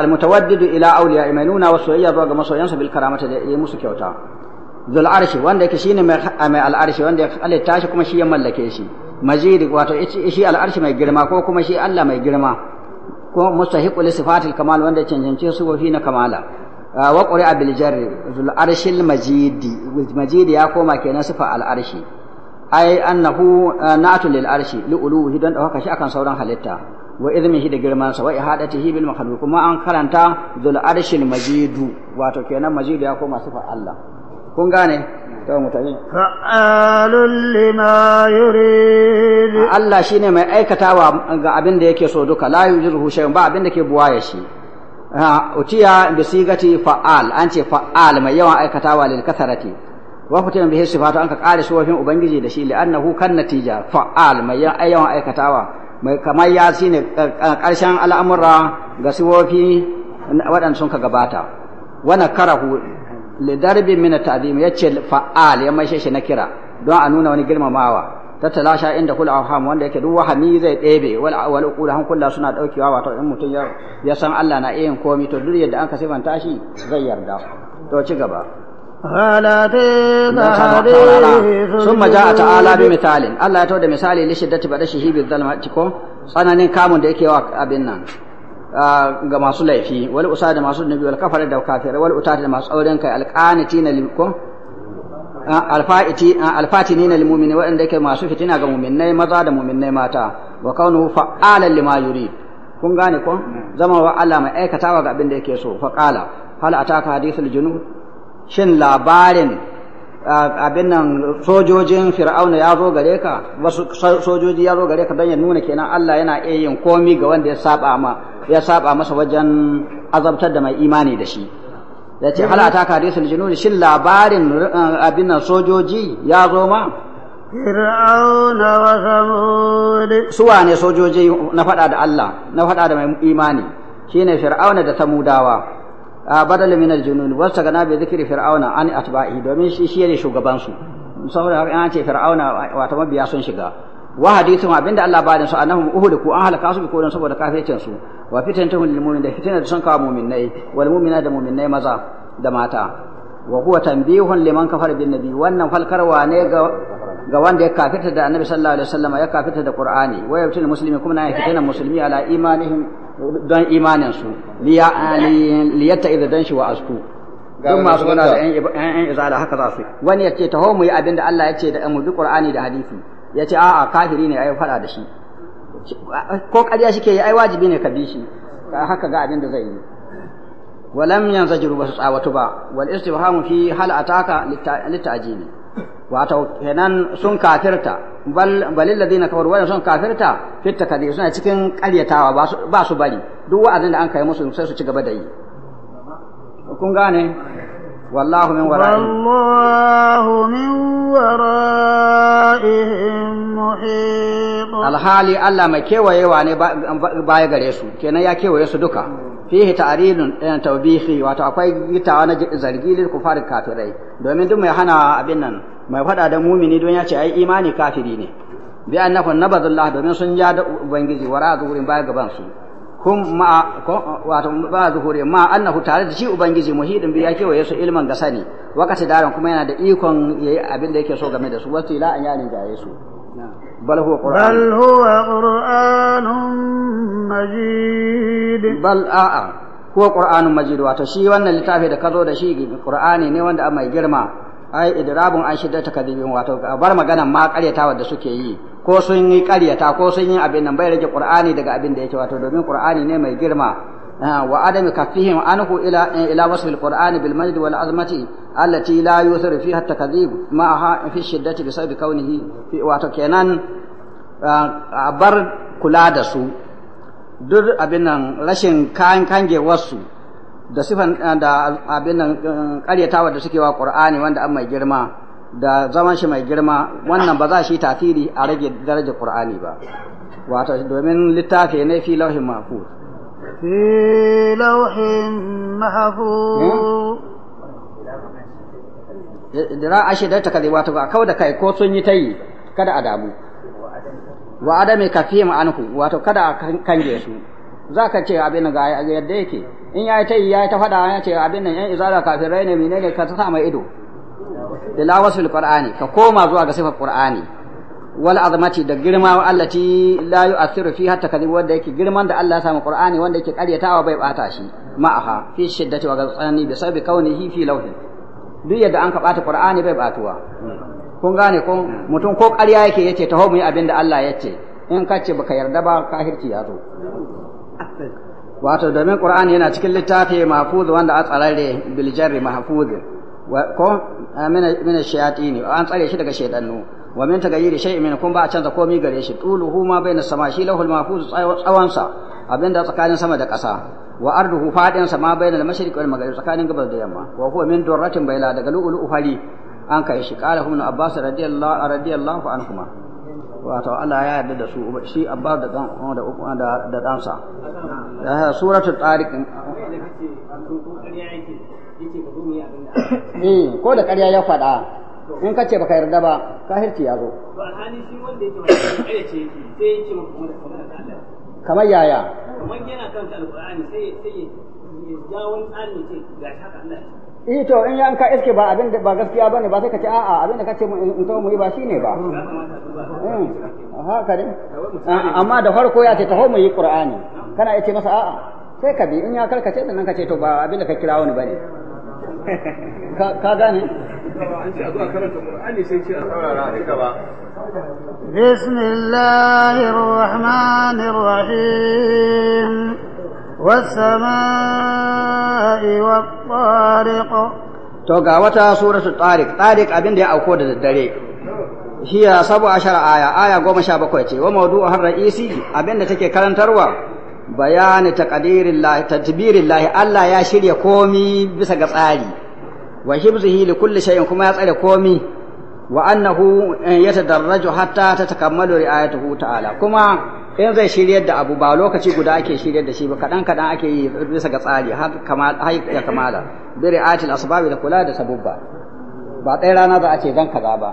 almutawaddidu ila awliya imanuna wa soyayya zuwa ga masoyansa bil karamata da yi musu kyauta zul arshi wanda yake shine mai mai al arshi wanda yake alle tashi kuma shi ya mallake shi majid wato shi al mai girma ko kuma shi Allah mai girma ko mustahiqu sifatil kamal wanda cancance su wa na kamala wa qur'a abil jar zul arshil majid ya koma kenan sifa al arshi ai annahu na'atul lil lu'u li uluhi dan dauka shi akan sauran halitta wa izmihi da girman sa wa ihadatihi bil makhluq kuma an karanta zul arshil majidu wato kenan majidu ya koma sifar Allah kun gane to mutane fa'alul lima yurid Allah shine mai aikatawa ga abin da yake so duka la yujiruhu shay'un ba abin da ke buwaye shi utiya bi sigati fa'al an ce fa'al mai yawan aikatawa lil kasarati wa fitin bihi sifatu an ka kare sufofin ubangiji da shi li'annahu kan natija fa'al mai yawan aikatawa mai kamar ya shi ne eh, eh, ƙarshen al'amura ga siwofi waɗanda sun ka gabata wani karahu lidarbin mina ta'zim ya ce fa'al ya maishe shi na kira don a nuna wani girmamawa ta talasha inda kula ham wanda yake duk wahami zai ɗebe wal wal uqul han kullu suna daukewa wato in mutum ya san Allah na iya komi to duk yadda an ka sifanta shi zai yarda to ci gaba sun maja a ta'ala bi misalin Allah ya tau da misali li shiddati ba da shi hibi zalmatikum tsananin kamun da yake wa abin nan ga masu laifi wal usa da masu nabi wal kafara da kafira wal utata da masu auren kai alqanitina likum alfa'iti alfatinina lil mu'mini waɗanda yake masu fitina ga mu'minnai maza da mu'minnai mata wa kaunuhu fa'alan lima yurid kun gane ko zama wa Allah mai aikatawa ga abin da yake so fa qala hal ataka hadithul junud shin labarin abin nan sojojin fir'auna ya zo gare ka wasu sojoji ya zo gare ka don ya nuna kenan Allah yana iya yin komi ga wanda ya saba ma ya saba masa wajen azabtar da mai imani da shi ya ce hal ataka hadisul junud shin labarin abin nan sojoji ya zo ma fir'auna wa samud suwa ne sojoji na fada da Allah na fada da mai imani shine fir'auna da samudawa badal min al-junun wasta gana bi zikri fir'auna an atba'i domin shi shi ne shugaban su saboda haka an ce fir'auna wato mabiya sun shiga wa hadithun abinda Allah ba da su annahum uhliku an halaka su bi kodan saboda kafircin su wa fitnatun lil mu'min da fitnatu sun kawo mu'minai wal mu'mina da mu'minai maza da mata wa huwa tanbihun liman kafara bin nabi wannan falkarwa ne ga ga wanda ya kafirta da annabi sallallahu alaihi wasallam ya kafirta da qur'ani wa yabtul muslimi kuma na fitnan muslimi ala imanihim don imanin su liyatta idan shi wa asku don masu gana da yan izala haka za su wani ya ce taho mu yi abin da Allah ya ce da mu bi Qur'ani da hadisi ya ce a'a kafiri ne ai fada da shi ko ƙarya shike yi ai wajibi ne ka bi shi haka ga abin da zai yi walam yanzajiru ba su tsawatu ba wal istifhamu fi hal ataka litta'jili wato kenan sun kafirta bal balil ladina kafaru wa sun kafirta fit takdir suna cikin ƙaryatawa ba su bari duk wa'azin da an kai musu sai su ci gaba da yi kun gane wallahu min wara'ihim wallahu min wara'ihim muhit alhali Allah mai kewayewa ne baya gare su kenan ya kewaye su duka fihi ta'rilun ɗayan eh, tawbihi wato akwai gitawa na zargi lil kufar kafirai domin duk mai hana abin nan mai faɗa da mumini don ya ce ai imani kafiri ne bi annahu nabadullah domin sun ja da ubangiji wara zuhurin baya gaban su kun ma wato ba zuhurin ma annahu tare da shi ubangiji muhidin bi ya kewaye su ilman ga sani wakati daren kuma yana da ikon yayi abin da yake so game da su wato ila an yarin jaye su بل هو قرآن بل هو قرآن مجيد بل آآ هو قرآن مجيد واتو شي وانا لتافي دا كذو دا شي قرآني ني وانا أما يجرما ai idrabun an shidda ta kadibin wato bar magana ma karyatawa da suke yi ko sun yi karyata ko sun yi abin nan bai rage qur'ani daga abin da yake wato domin qur'ani ne mai girma wa adam kafihim anhu ila ila wasf alquran bil majd wal azmati allati la yuthir fiha takdhib ma ha fi shiddati bi sabab kaunihi fi wato kenan bar kula da su duk abin nan rashin kan kangewar su da sifan da abin nan karyatawa da suke wa qur'ani wanda an mai girma da zaman shi mai girma wannan ba za shi tasiri a rage darajar qur'ani ba wato domin littafi ne fi lauhin mahfuz في لوح محفوظ dira ashe da ta kadewa ta kawo da kai ko sun yi ta yi kada a damu wa adami kafim anhu wato kada a kange su zaka ce abin ga yadda yake in ya yi tayi yi ta fada ya ce abin nan yan izala kafirai ne menene ka sa mai ido tilawatul qur'ani ka koma zuwa ga sifar qur'ani wal azmati da girma wa allati la yu'athiru fiha takadibu wanda yake girman da Allah ya samu Qur'ani wanda yake karyatawa bai bata shi ma'aha fi shiddati wa gazani bi sabbi kaunihi fi lawhin duk yadda an ka bata Qur'ani bai batuwa kun gane ko mutum ko ƙarya yake yace taho mu yi abin da Allah ya ce in ka ce baka yarda ba kafirci ya zo wato domin Qur'ani yana cikin littafi mahfuz wanda a tsarare bil jarri mahfuz ko amina min ash-shayatin an tsare shi daga shaytanu wa min tagayyiri shay'in min kun ba a canza komai gare shi tuluhu ma baina sama shi lahul mahfuz tsawansa abinda tsakanin sama da ƙasa wa arduhu fadin sama baina al-mashriq wal maghrib tsakanin gabas da yamma wa huwa min durratin baila daga lu'lu'u fari an kai shi qala ibn abbas radiyallahu radiyallahu anhuma wato Allah ya yarda da su shi abbas da dan da da da dansa suratul tariq eh, ko da ƙarya ya faɗa in kace baka yarda ba hirci ya zo kamar yaya kamar yana kan sai sai ya wani tsari ce ga haka Allah eh to in yanka iske ba abin ba gaskiya bane ba sai ka ce a'a abin da kace in to mu yi ba shine ba eh, haka dai ah, amma da farko ya ce taho muyi yi qur'ani kana yace masa a'a sai ka bi in ya karkace sannan ka ce to ba abin da ka kira wani bane [LAUGHS] ka gane بسم الله الرحمن الرحيم والسماء والطارق to ga wata suratul tariq tariq abin da ya auko da daddare hiya sabu ashar aya aya goma sha bakwai ce wa mawdu'u har ra'isi abin da take karantarwa bayani taqdirillahi Allah ya shirya komi bisa ga tsari wa hibzihi li kulli shay'in kuma ya tsare komi wa annahu eh, yatadarraju hatta tatakammalu ri'ayatuhu ta'ala kuma in zai shiryar da abu ba lokaci guda ake shiryar da shi ba kadan kadan ake yi bisa ga tsari har kamal har ya kamala bi ri'atil asbabi da kula da sabubba ba ɗaya rana za a ce zan kaza ba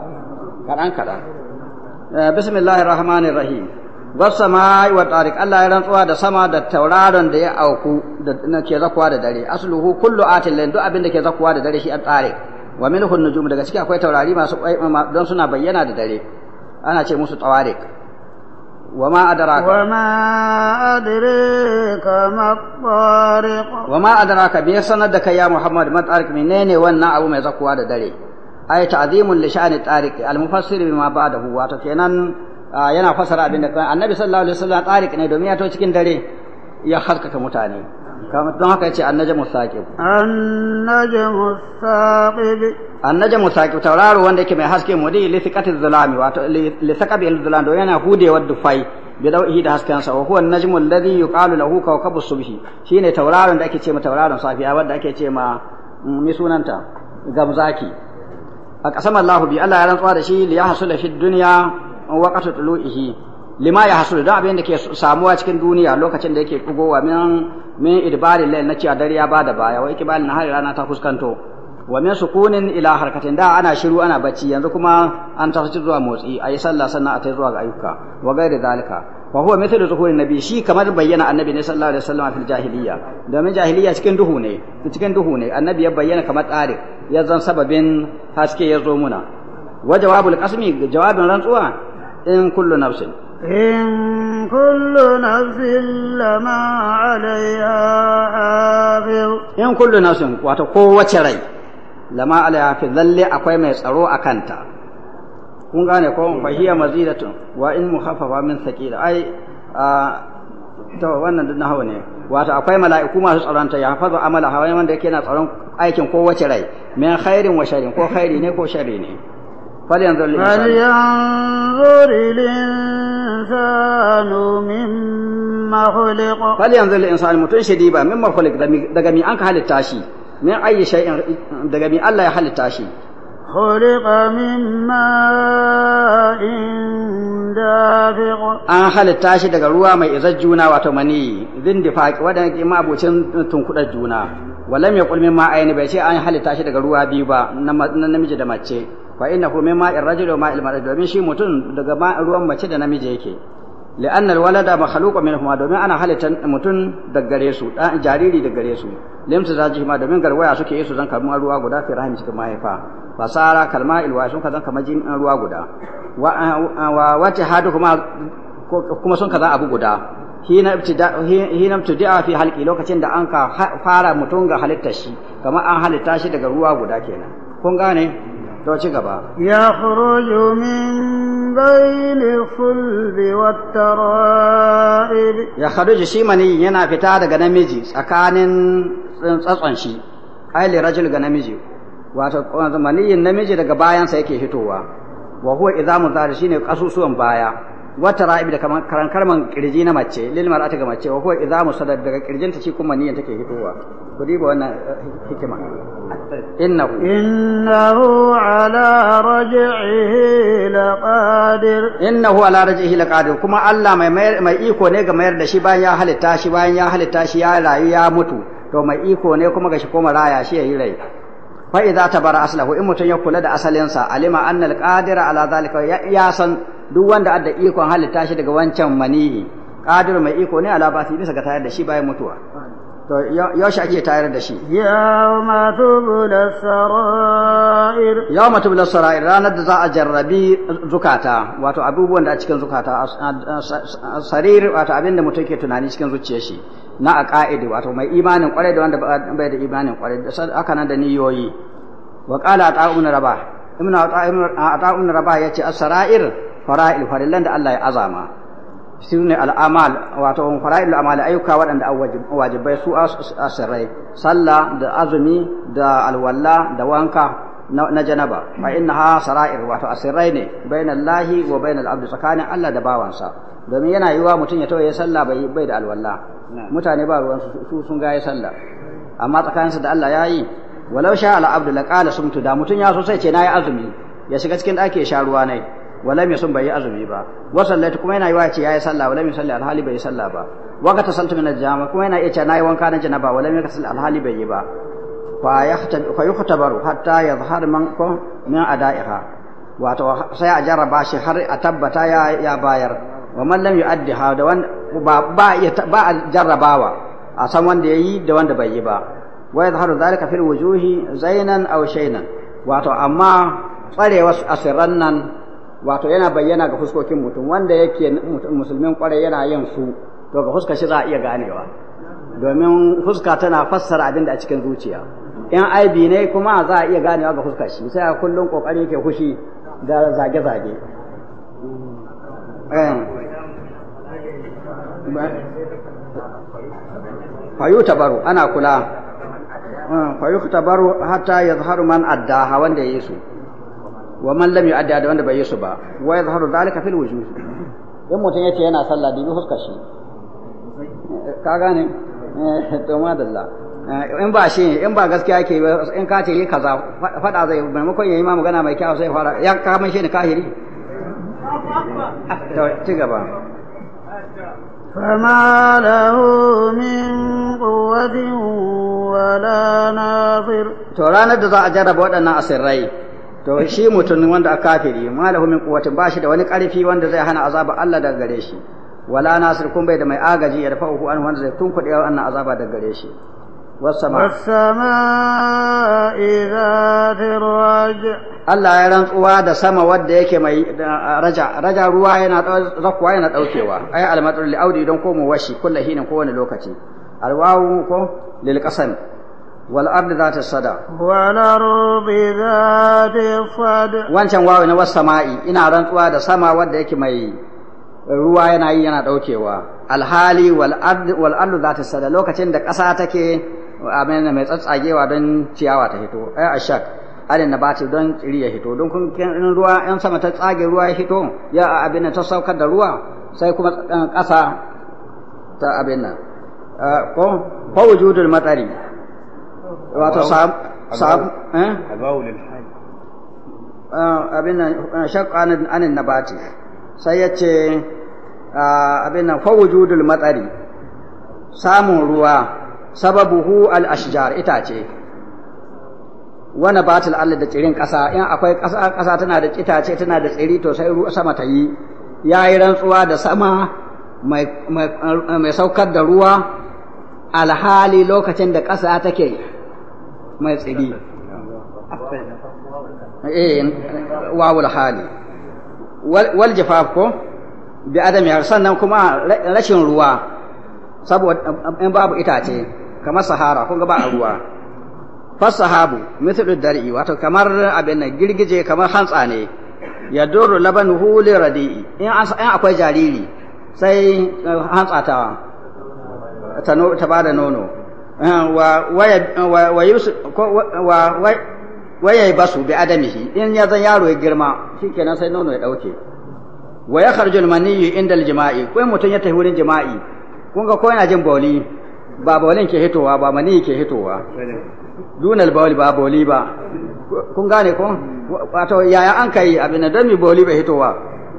kadan kadan eh, bismillahir rahmanir rahim والسماء والطارق Allah ya rantsuwa da sama da tauraron da ya auku da ke zakwa da dare asluhu kullu atin lan duk abin da ke zakwa da dare shi at tariq wa minhu nujum daga ciki akwai taurari masu don suna bayyana da dare ana ce musu tawariq wa ma adraka wa ma adraka ma wa ma adraka bi sanar da kai ya muhammad ma ne menene wannan abu mai zakwa da dare ay ta'zimun li al mufassir bima ba'dahu kenan yana fasara abin da annabi sallallahu alaihi wasallam tsarik ne domin ya to cikin dare ya haskaka mutane don haka yace annajamu saqib annajamu saqib annajamu saqib tauraro wanda yake mai haske mudi li thiqati zulami wato li thaqabi al-zulam do yana wa dufai bi dawhi da hasken sa wa huwa an-najmu alladhi yuqalu lahu kawkabu subhi shine tauraron da ake ce ma tauraron safiya wanda ake ce ma mi sunanta gamzaki a kasam Allah bi Allah ya rantsuwa da shi li yahsula fi dunya waqtu tulu'ihi lima ya hasul da abin da ke samuwa cikin duniya lokacin da yake kugowa min min idbari lail na cewa dare ya bada baya wa na har rana ta fuskanto wa min sukunin ila harkatin da ana shiru ana bacci yanzu kuma an tafi zuwa motsi ayi sallah sannan a tai zuwa ga ayyuka wa gairi zalika wa huwa mithlu zuhurin nabi shi kamar bayyana annabi ne sallallahu alaihi wasallam fil jahiliya domin jahiliya cikin duhu ne cikin duhu ne annabi ya bayyana kamar tsari ya zan sababin haske ya zo muna wa jawabul qasmi jawabin rantsuwa in kullu nafsin in kullu nafsin lama alaiha hafiz in kullu nafsin wato kowace rai lama alaiha hafiz lalle akwai mai tsaro a kanta kun gane ko fa hiya mazidatun wa in mukhaffafa min thaqila ai to wannan duk nahawa ne wato akwai mala'iku masu tsaron ta ya hafazu amala hawa wanda yake na tsaron aikin kowace rai min khairin wa sharrin ko khairi ne ko sharri ne فلينظر الإنسان فلينظر الإنسان مما خلق فلينظر الإنسان متن شديبا مما خلق دقمي أنك هل التاشي من أي شيء دقمي الله يحل التاشي خلق من ماء دافق أن هل التاشي دقا روا ما إزجونا وتمني ذن دفاق ودنك ما بوشن تنكت الجونا ولم يقل من ماء أين بيشي أن هل التاشي دقا روا بيبا نمجد ماتشي fa innahu min ma'ir rajuli wa ma'il mar'ati domin shi mutum daga ma ruwan mace da namiji yake li'anna alwalada makhluqun huma domin ana halitta mutum daga gare su da jariri daga gare su limsa zaji ma domin garwaya suke yi su zan kamar ruwa guda fi rahim cikin mahaifa fasara kalma ilwa sun ka zan kamar jin ruwa guda wa wata hadu kuma kuma sun ka zan abu guda hina ibtida'a fi halqi lokacin da an ka fara mutum ga halitta shi kamar an halitta shi daga ruwa guda kenan kun gane to ci gaba ya khuruju min bayni sulbi wat tara'ib ya khuruju shi mani yana fita daga namiji tsakanin tsatson shi ai rajul ga namiji wato maniyin namiji daga bayansa yake fitowa wa huwa idhamu zahir shine kasusuwan baya wata ra'ib da kaman karan kirji na mace lil mar'ati ga mace wa huwa idhamu sadar daga kirjinta shi kuma niyyar take fitowa ku diba wannan hikima إنه إنه على رجعه لقادر إنه على رجعه لقادر كما الله ما ما إيكو نيجا ما يرد يا هل تاشي يا هل تاشي يا لا يا متو to mai iko ne كما gashi raya shi yayi rai fa idza tabara aslahu in mutun ya kula da asalinsa alima anna alqadira ala zalika ya san duk wanda adda ikon halitta shi daga wancan maniyi qadir mai iko ne ala basi bisa ga tayar da shi bayan mutuwa to yaushe ake tayar da shi yawma tubla sarair yawma tubla sarair ranar da za a jarrabi zukata wato abubuwan da a cikin zukata sarir wato abin da mutum ke tunani cikin zuciyar shi na ka'idi wato mai imanin kwarai da wanda bai da imanin kwarai da aka nan da niyoyi wa a ata'un raba ibnu ata'un raba yace as-sarair fara'il farillan da Allah ya azama su al'amal wato fara'il al'amal ayyuka waɗanda wajibai su asirai sallah da azumi da alwalla da wanka na janaba fa innaha sara'ir wato asirai ne bainal lahi wa bainal abdi tsakanin Allah da bawansa domin yana yiwa mutum ya tawaye sallah bai bai da alwalla mutane ba ruwan su sun ga sallah amma tsakaninsa da Allah yayi walau sha al abdu laqala sumtu da mutum ya so sai ce nayi azumi ya shiga cikin ɗaki ya sha ruwa nai walam yasum bai azumi ba wa sallati kuma yana yiwa ce yayi sallah walam alhali bai sallah ba wa ka tasaltu min aljama kuma yana iya ce nayi wanka na janaba walam yakasal alhali bai yi ba fa yahtab fa yuhtabaru hatta yadhhar man min ada'iha wato sai a jarraba shi har a tabbata ya ya bayar wa man lam yu'addiha da wanda ba ba a jarrabawa a san wanda yayi da wanda bai yi ba wa yadhharu dhalika fil zainan aw shaynan wato amma tsarewa asirran nan wato yana bayyana ga fuskokin mutum wanda yake musulmin kwarai yana yin su to ga fuska shi za a iya ganewa domin fuska tana fassara abin da a cikin zuciya in aibi ne kuma za a iya ganewa ga fuska shi sai a kullum kokari yake fushi da zage-zage eh. fayu tabaru ana kula eh, fayu tabaru hatta ya man addaha wanda ya yi su wa man lam yu'addi da wanda bai yi su ba wa yadhharu zalika fil wujuh in mutum yace yana sallah dibi huskar shi ka gane eh, to madalla eh, in ba shi in ba gaskiya yake ba in ka ce yi kaza fada zai maimakon yayi ma magana mai kyau sai fara ya ka mun shi ne kahiri to ci gaba فما له من قوة ولا ناصر. ترى ندزع جرب ودنا أسرائيل to shi mutum wanda aka kafiri malahu min quwwatin ba shi da wani karfi wanda zai hana azaba Allah daga gare shi wala nasir kun bai da mai agaji ya rafa'u an wanda zai tunkuɗe wannan azaba daga gare shi wassama wassama ذات tiraj Allah ya rantsuwa da sama wadda yake mai raja raja ruwa yana zakwa yana daukewa ai almatul li audi don komo washi kullahi ne kowane lokaci alwawu ko lil qasam والأرض ذات الصدى والأرض ذات الصدى wancan wawo na was sama'i ina rantsuwa da sama wanda yake mai ruwa yana yi yana daukewa alhali wal ard wal ardu sada lokacin da ƙasa take amana mai tsatsagewa don ciyawa ta hito ai ashak alin nabati don tsiri ya hito don kun ruwa yan sama ta tsage ruwa ya hito ya abin ta saukar da ruwa sai kuma ƙasa ta abin nan ko ko wujudul matsari wato sab sab eh ah, abin nan ah, shaqqa anin nabati sai ya ce ah, abin nan fa wujudul matsari samun ruwa sababuhu al ashjar itace Wani nabatul Allah da tsirin ƙasa in akwai ƙasa ƙasa tana da itace tana da tsiri to sai sama ta yi yayi rantsuwa da sama mai saukar da ruwa alhali lokacin da ƙasa take mai tsiri eh wawul hali wal jafaf ko bi adami sannan kuma rashin ruwa saboda in babu itace kamar sahara kun ga ba ruwa fa sahabu mithlu dar'i wato kamar abin nan girgije kamar hantsa ne ya duru labanuhu li radi'i in akwai jariri sai hantsa ta ta bada nono wa ya basu bi adamihi in ya zan yaro ya girma kenan sai nono ya dauke wa ya kharjul maniyyu inda jima'i ko mutum ya tafi wurin jima'i kun ga ko yana jin bauli ba baulin ke hitowa ba maniyyi ke hitowa dunal bauli ba bauli ba kun gane ko wato yaya an kai abin da mi bauli bai hitowa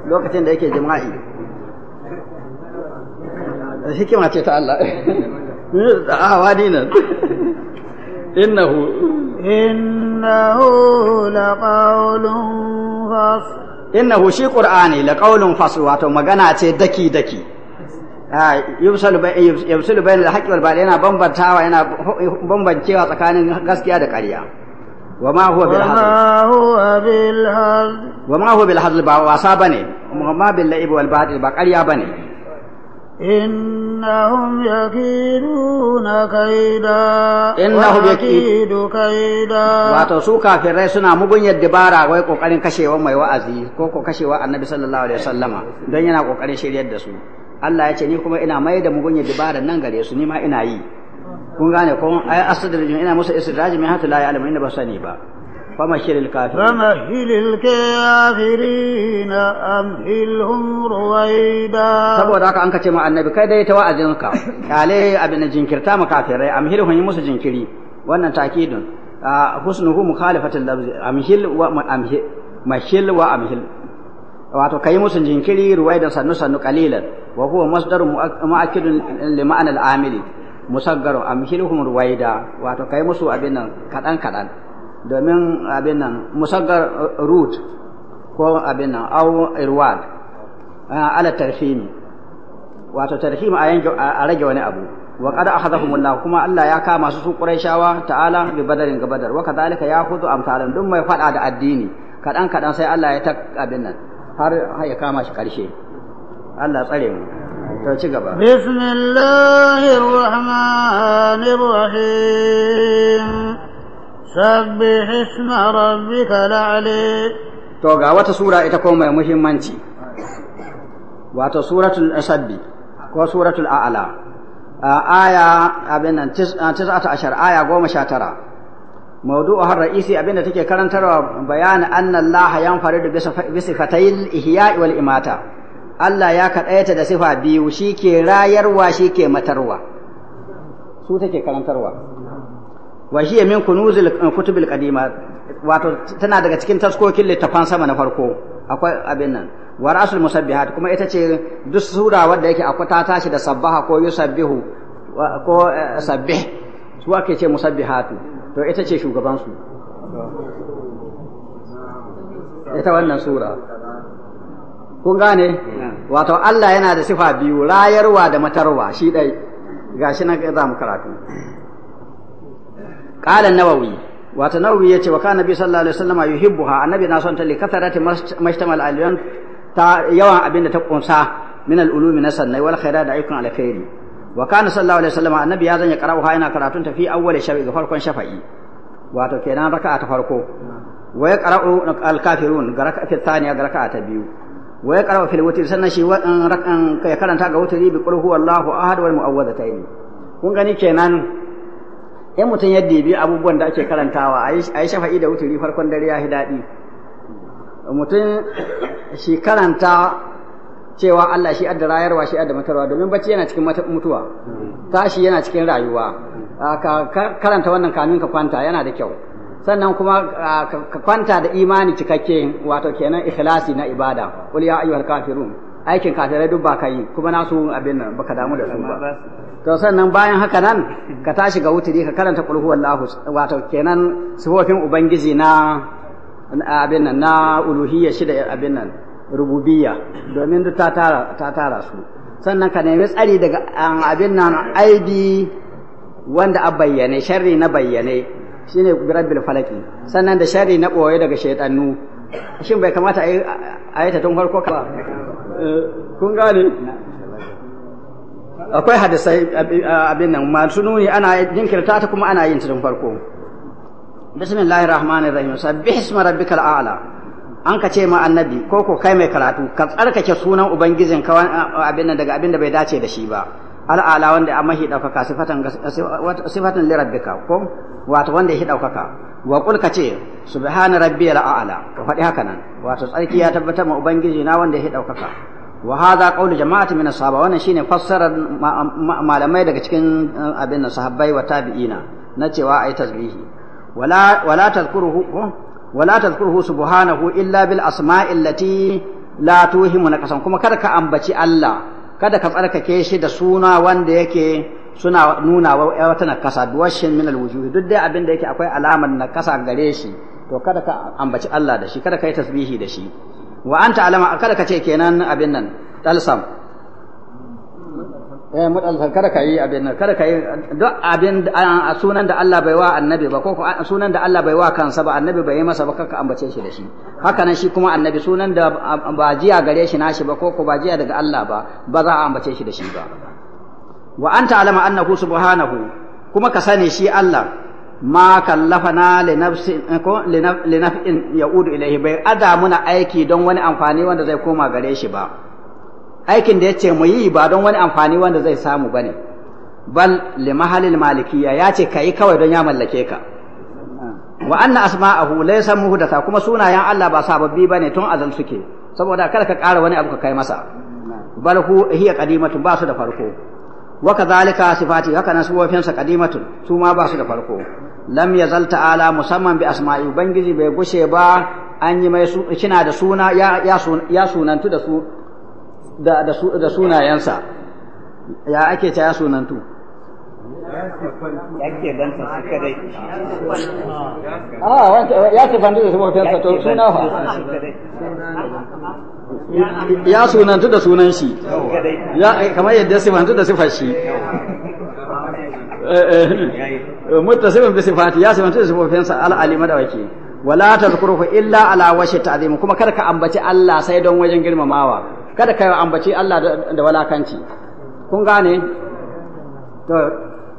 lokacin da yake jima'i hikima ce ta Allah awani nan innahu innahu laqawlun fas innahu shi qur'ani laqawlun fas wato magana ce daki daki yubsalu bai al-haqqi wal batil yana bambantawa yana bambancewa tsakanin gaskiya da ƙarya wa ma huwa bil wa ma huwa bil hazl ba wasa bane amma bil ba ƙarya bane إنهم يكيدون كيدا إنهم يكيد كيدا wato su kafirai suna mugunyar dabara wai kokarin kashewa mai wa'azi ko kashewa annabi sallallahu alaihi wasallama don yana kokarin shiryar da su Allah ya ce ni kuma ina mai da mugunyar dabara nan gare su ni ma ina yi kun gane ko ai asadirjin ina musu istidraji min hatta la ya'lamu inda ba sani ba فمهل الكافرين فمهل الكافرين أمهلهم رويدا سبو داك أنك تما النبي كيدا يتوأذنك عليه أبن جنكرتا مكافر أمهلهم يمس جنكري وانا تأكيد حسنه مخالفة اللفظ أمهل وأمهل مهل وأمهل wato kai musu jinkiri ruwaidan sannu sannu qalilan wa huwa masdar mu'akkidun li ma'anal amili musaggaru amhiluhum ruwaida wato kai musu abin nan kadan kadan domin abin nan musaggar root ko abin nan au irwad eh, ala tarhim wato tarhim a yanke a rage wani abu wa qad akhadhahumullah kuma Allah ya kama su su Qurayshawa ta'ala bi badarin ga badar wa kadhalika yakhudhu amsalan duk mai fada da addini kadan kadan sai Allah ya ta abin nan har ya kama shi karshe Allah tsare mu to ci gaba bismillahir rahmanir rahim sabbih isma rabbika la'ali to ga wata sura ita ko mai muhimmanci wato suratul Asabi ko suratul a'la aya abin nan 19 aya 19 موضوعها الرئيسي أبنى تكي كرن ترى بيان أن الله ينفرد بصفتي الإحياء والإماتة Allah ya kaɗaita da sifa biyu shi ke rayarwa shi ke matarwa su take karantarwa wa hiya min kunuzil eh, kutubil qadima wato tana daga cikin taskokin littafan sama na farko akwai abin nan wa rasul musabbihat kuma ita ce duk sura wanda yake akwai ta tashi da sabbaha ko yusabbihu ko eh, sabbih su ake ce musabbihatu to ita ce shugaban su ita wannan sura kun gane wato Allah yana da sifa biyu rayarwa da matarwa shi dai gashi nan za mu karatu qala nawawi wato nawawi yace wa kana nabi sallallahu alaihi wasallam yuhibbuha annabi na son ta li kasarati mashtamal aliyan ta yawan abin da ta kunsa min al-ulumi na sannai wal khairat da ayyukan alkhairi wa kana sallallahu alaihi wasallam annabi ya zanya qara'uha yana karatun ta fi awwal shafi ga farkon shafa'i wato kenan raka'a ta farko wa ya qara'u al-kafirun ga raka'a thaniya ga raka'a ta biyu wa ya qara'u fil witr sannan shi ya karanta ga wutri bi qul huwallahu ahad wal mu'awwadhatayn kun gani kenan in mutum ya dibi abubuwan da ake karantawa a yi shafa'i da wuturi farkon dare ya yi daɗi mutum shi karanta cewa Allah shi adda rayarwa shi adda matarwa domin bacci yana cikin mutuwa tashi yana cikin rayuwa ka karanta wannan kamin ka kwanta yana da kyau sannan kuma ka kwanta da imani cikakke wato kenan ikhlasi na ibada qul ya ayyuhal kafirun aikin kafirai duk ba ka yi kuma nasu abin nan baka damu da su ba to sannan bayan haka nan ka tashi ga wuturi ka karanta qul huwallahu wato kenan sifofin ubangiji na abin nan na uluhiyya shida abin nan rububiyya domin duk ta tara ta tara su sannan ka nemi tsari daga abin nan aibi wanda a bayyane sharri na bayyane shine rabbil falaki sannan da sharri na boye daga shaytanu shin bai kamata a yi ta tun farko ka eh, kun gane akwai hadisai abin nan masu nuni ana jinkirta ta kuma ana yin ta tun farko bismillahir rahmanir rahim sabbih isma rabbikal a'ala. an ka ce ma annabi ko ko kai mai karatu ka tsarkake sunan ubangijin ka abin nan daga abin da bai dace da shi ba al'ala wanda a mahi daukaka sifatan sifatan li rabbika ko wato wanda ya daukaka wa kul ka ce subhana rabbiyal a'la ka faɗi haka nan wato tsarki ya tabbatar ma ubangiji na wanda ya daukaka wa hadha qawlu jama'ati min ashaba wannan shine fassarar malamai daga cikin abin nan sahabbai wa tabi'ina na cewa ai tasbihi wala wala tadhkuruhu wala subhanahu illa bil asma'i allati la tuhimu naqasan kuma kada ka ambaci Allah kada ka tsarkake shi da suna wanda yake suna nuna wa wata nakasa duwashin min alwujuh duk dai abin da yake akwai alamar nakasa gare shi to kada ka ambaci Allah da shi kada ka yi tasbihi da shi wa anta alama kada ka ce kenan abin nan dalsam eh mu kada ka yi abin nan kada ka yi duk abin sunan da Allah bai wa annabi ba ko sunan da Allah bai wa kansa ba annabi bai yi masa ba kaka ambace shi da shi haka nan shi kuma annabi sunan da ba jiya gare shi nashi ba ko ko ba jiya daga Allah ba ba za a ambace shi da shi ba wa an alama annahu subhanahu kuma ka sani shi Allah ma kallafana linaf'in ya'udu ilaihi bai ada muna aiki don wani amfani wanda zai koma gare shi ba aikin da ya ce mu yi ba don wani amfani wanda zai samu bane bal limahalil malikiya ya ce kai kawai don ya mallake ka wa anna asma'ahu laysa muhdatha kuma sunayen Allah ba sababbi bane tun azal suke saboda kada ka ƙara wani abu ka kai masa bal hu hiya qadimatun ba su da farko wa kadhalika sifati haka nan suwofinsa qadimatun su ma ba su da farko lam zalta ala musamman bi asma'i ubangiji bai gushe ba an yi mai kina da suna ya sunantu da su da sunayensa ya ake ta ya sunantu ya sifantu ah, da sifofinsa to suna fa ya sunantu da sunan shi kamar yadda sifantu da sifar shi eh, eh. muttasilun bi sifati ya sifantu da sifofinsa al alima da wake wala tadhkuruhu illa ala washi ta'zim kuma kada ka ambaci Allah sai don wajen girmamawa kada ka ambaci Allah da walakanci kun gane to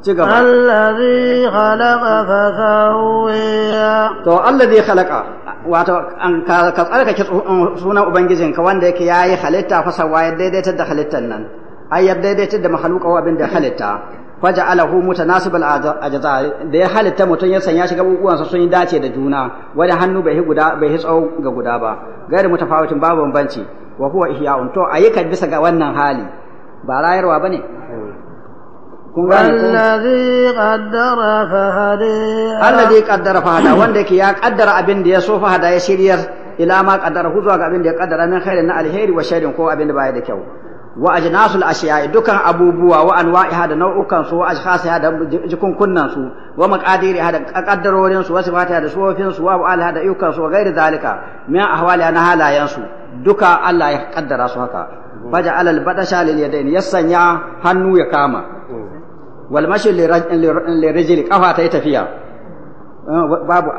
ci gaba allazi khalaqa fa sawwa to allazi khalaqa wato an ka tsarkake um, sunan Ubangijin ka wanda yake yayi halitta fa sawwa ya daidaitar da halittar nan ai ya daidaitar da mahaluka abin da halitta faja'alahu mutanasibal ajzar da ya halitta mutum ya sanya shi sa sun yi dace da juna wani hannu bai guda bai tsawo ga guda ba gairi mutafawitin babu bambanci wa huwa ihya'un to ayyukan bisa ga wannan hali ba rayarwa bane Alladhi qaddara fahada Alladhi qaddara fahada wanda yake ya kaddara abin da ya so fa fahada ya shiryar ila ma qaddara zuwa ga abin da ya kaddara min khairin na alheri wa sharrin ko abin da baya da kyau wa ajnasul ashiya'i dukan abubuwa wa anwa'iha da nau'ukan su wa ashkhasiha da jikunkunnan su wa maqadiriha da kaddarorin su wa sifatiha da sufofin su wa alha da iyukan su wa ghairi zalika min ahwali na halayen su duka Allah ya kaddara su haka baja alal badasha lil yadain yasanya hannu ya kama wal mashi li rijli kafa ta tafiya babu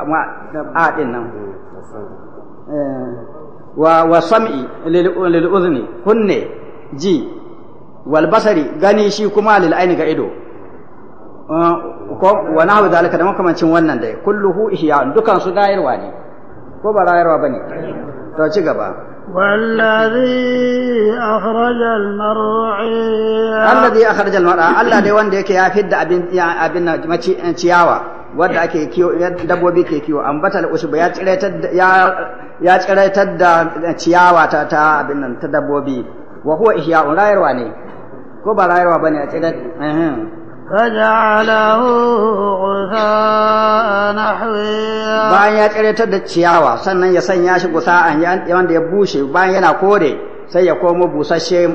a din nan eh, wa sam'i lil udhni kunne ji wal basari gani shi kuma lil aini ga ido uh, ko wa nahwu zalika da makamancin wannan dai kulluhu ihya dukan su rayarwa ne ko ba rayarwa bane to ci gaba والذي أخرج المرعى الذي أخرج المرعى الله دي وان ديك يا أبن أبن ما تشياوا ودا أكي كيو دبوبي كي كيو أم بطل أسبوع يا تشريت يا يا تشريت ta تا تا أبن dabbobi. wa huwa ihya'un rayarwa ne ko ba rayarwa bane a tsidat فجعله غثاء نحويا bayan ya tsiratar da ciyawa sannan ya sanya shi gusa'an wanda ya bushe bayan yana kore sai ya komo busasshe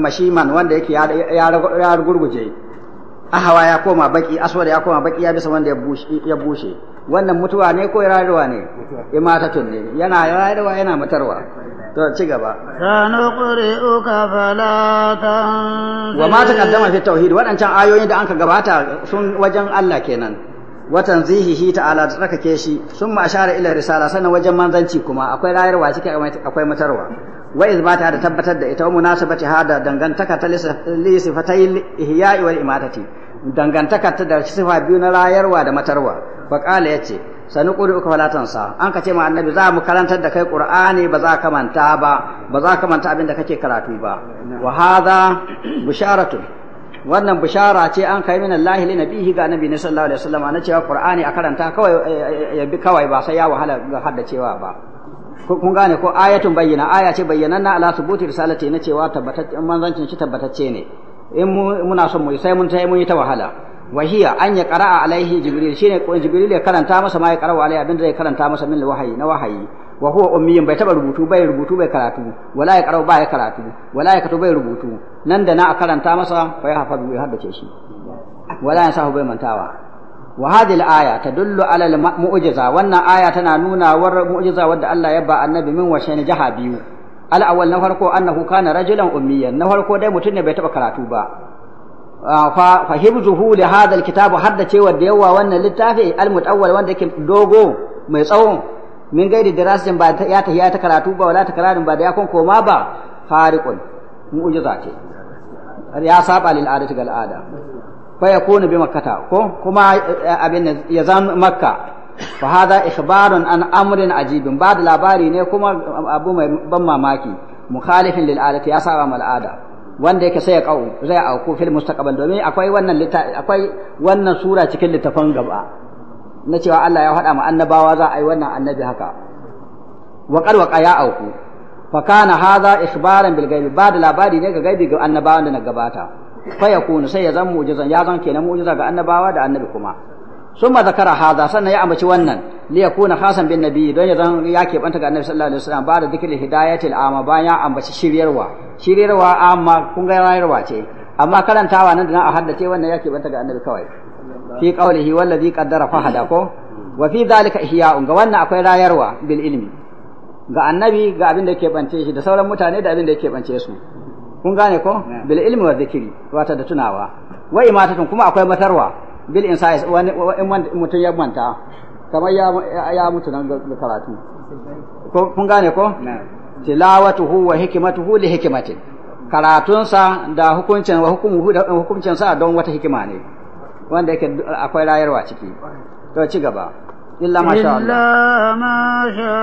mashiman wanda yake ya gurguje ahawa ya koma baki aswad ya koma baki ya bisa wanda ya bushe wannan mutuwa ne ko rayuwa ne mata tunne yana rayuwa yana matarwa to ci gaba sanuqri'uka fala wa ma taqaddama fi tauhid wadancan ayoyin da anka gabata sun wajen Allah kenan wa tanzihihi ta'ala ke shi sun ma ashara ila risala sanan wajen manzanci kuma akwai rayuwa cikin akwai matarwa wa izbata da tabbatar da ita wa munasabati hada dangantaka ta lisifatai ihya'i wal imatati dangantaka ta da sifa biyu na rayarwa da matarwa fa qala yace sanu qulu ka falatan tansa an ka ce ma annabi za mu karantar da kai qur'ani ba za ka manta ba ba za ka manta abin da kake karatu ba wa hadha bisharatun wannan bishara ce an kai min Allah li nabihi ga annabi sallallahu alaihi wasallam na cewa qur'ani a karanta kawai eh, eh, ya bi kawai ba sai ya wahala ga haddacewa ba kun gane ko ayatun bayyana aya ce bayyananna ala subuti risalati na cewa tabbatacce manzancin shi tabbatacce ne in muna son mu sai mun tai mun yi ta wahala wahiya an ya qara'a alaihi jibril shine ko jibril ya karanta masa ma qara'a alaihi abinda zai karanta masa min wahayi na wahayi wa huwa ummiyin bai taba rubutu bai rubutu bai karatu wala ya qara'u bai karatu wala ya katu bai rubutu nan da na karanta masa fa ya hafazu ya haddace shi wala ya sahu bai mantawa wa hadhihi aya ta ala al-mu'jiza wannan aya tana nuna war mu'jiza wadda Allah ya ba annabi min washaini jaha biyu al na farko annahu kana rajulan ummiyan na farko dai mutum ne bai taba karatu ba ah, fa hibzuhu li hadha al-kitab hadda cewa da yawa wannan littafi al-mutawwal wanda yake dogo mai tsawo min gaidi darasin ba ya ta ta karatu ba wala ta ba da ya kon koma ba fariqun mu'jiza ce ya saba lil'adatu adati al'ada. fa yakunu bi makkata ko kuma eh, eh, abin ya makka fa hada ikhbarun an amrin ajibin ba da labari ne kuma abu mai ban mamaki mukhalifin lil adati ya saba mal ada wanda yake sai ya zai auku fil mustaqbal domin akwai wannan akwai wannan sura cikin littafan gaba na cewa Allah ya faɗa ma annabawa za a yi wannan annabi haka wa ya auku fa kana hadha ikhbaran bil ba da labari ne ga gaibi ga annabawan da na gabata fayakunu sai ya zama mu'jizan ya zama kenan mu'jiza ga annabawa da annabi kuma Sun ma zakara haza sannan ya ambaci wannan li kuna khasan bin nabi don ya zama ya keɓanta ga annabi sallallahu alaihi wasallam ba da dhikri hidayatil amma bayan ya ambaci shiryarwa shiryarwa amma kun ga rayarwa ce amma karantawa nan da na a haddace wannan ya keɓanta ga annabi kawai fi qawlihi wallazi qaddara fahada ko wa fi dhalika ihya'un ga wannan akwai rayarwa bil ilmi ga annabi ga abin da yake bance shi da sauran mutane da abin da ke bance su kun gane ko bil ilmi wa zikiri wata da tunawa wa imatatun kuma akwai matarwa bil insais wani mutum ya manta kamar ya mutu nan ga karatu kun gane ko tilawatuhu wa hikmatuhu li Karatun karatunsa da hukuncin wa hukumuhu da don wata hikima ne wanda yake akwai rayarwa ciki to ci gaba illa ma sha Allah illa ma sha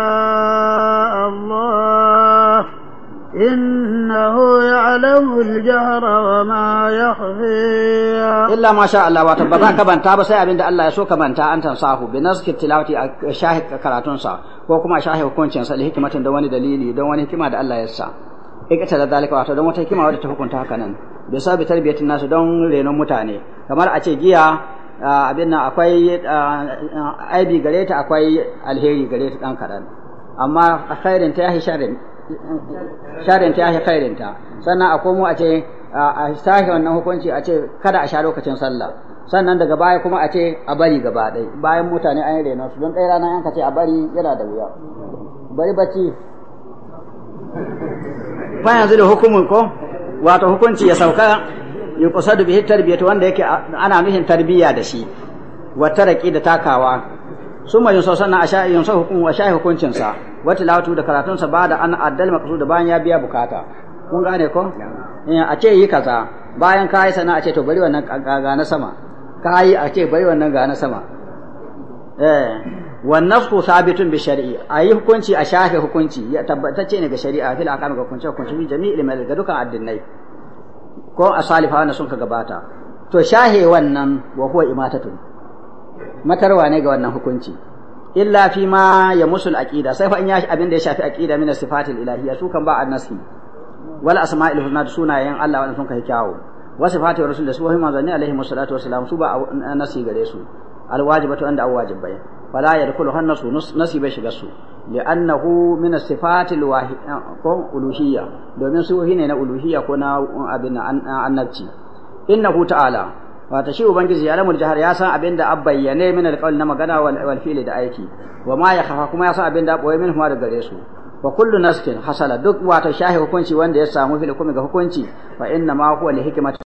Allah إنه يعلم الجهر وما يخفي إلا ما ba الله وتبذا كبن تاب سي أبين الله يسو كبن تا أنت صاحب بنسك التلاوة شاهد كراتون صاحب وكما شاهد كونشن a كما a دليلي دواني كما دا الله يسا ikata da dalika wato don wata hikima wadda ta hukunta haka nan bai sa bi tarbiyatin nasu don renon mutane kamar a ce giya abin nan akwai aibi gare akwai alheri gare ta dan kadan amma khairin ta yahi sharrin sharinta ya khairinta sannan a komo a ce a tashi wannan hukunci a ce kada a sha lokacin sallah sannan daga baya kuma a ce a bari gaba ɗaya bayan mutane an yi renon su don ɗaya rana yanka ce a bari yana da wuya bari bacci ba yanzu da hukumin ko wato hukunci ya sauka ya kusa da bihi tarbiyyatu wanda yake ana nufin tarbiyya da shi wa taraki da takawa mai yunsa sannan a sha yunsa hukumin wa sha hukuncinsa Wata lawatu da karatun sa bada an addal da bayan ya biya bukata kun gane ko eh, a ce yi kaza bayan kai sana a ce to bari wannan ga na sama kai a ce bari wannan ga na sama eh wan nafsu sabitun bi shar'i ayi hukunci a shafe hukunci ya tabbatacce ne ga shari'a fil aqam ga hukunci hukunci jami'il mal ga dukkan addinai ko a salifa na sun ka gabata to shahe wannan wa huwa imatatun matarwa ne ga wannan hukunci illa fi ma ya musul aqida sai fa in ya abin da ya shafi aqida min sifatil ilahiyya su kan ba annasi wal asma'il husna sunayen Allah wanda sun kai kyawu wa sifati rasul da su wahima zanni alaihi wassalatu wassalam su ba annasi gare su al wajibatu anda aw wajibai fala yadkhulu hannasu nasi bai shiga su li'annahu min sifatil wahid ko uluhiyya domin su ne na uluhiyya ko na abin annabci innahu ta'ala wata shi ubangiji alamul jihar ya san abin da abbayyane min alqawl na magana wal fi'li da aiki wa ma ya khafa kuma ya san abin da boye min kuma da gare su wa kullu naskin hasala duk wata shahi hukunci wanda ya samu fili hukumi ga hukunci fa inna ma huwa li hikmati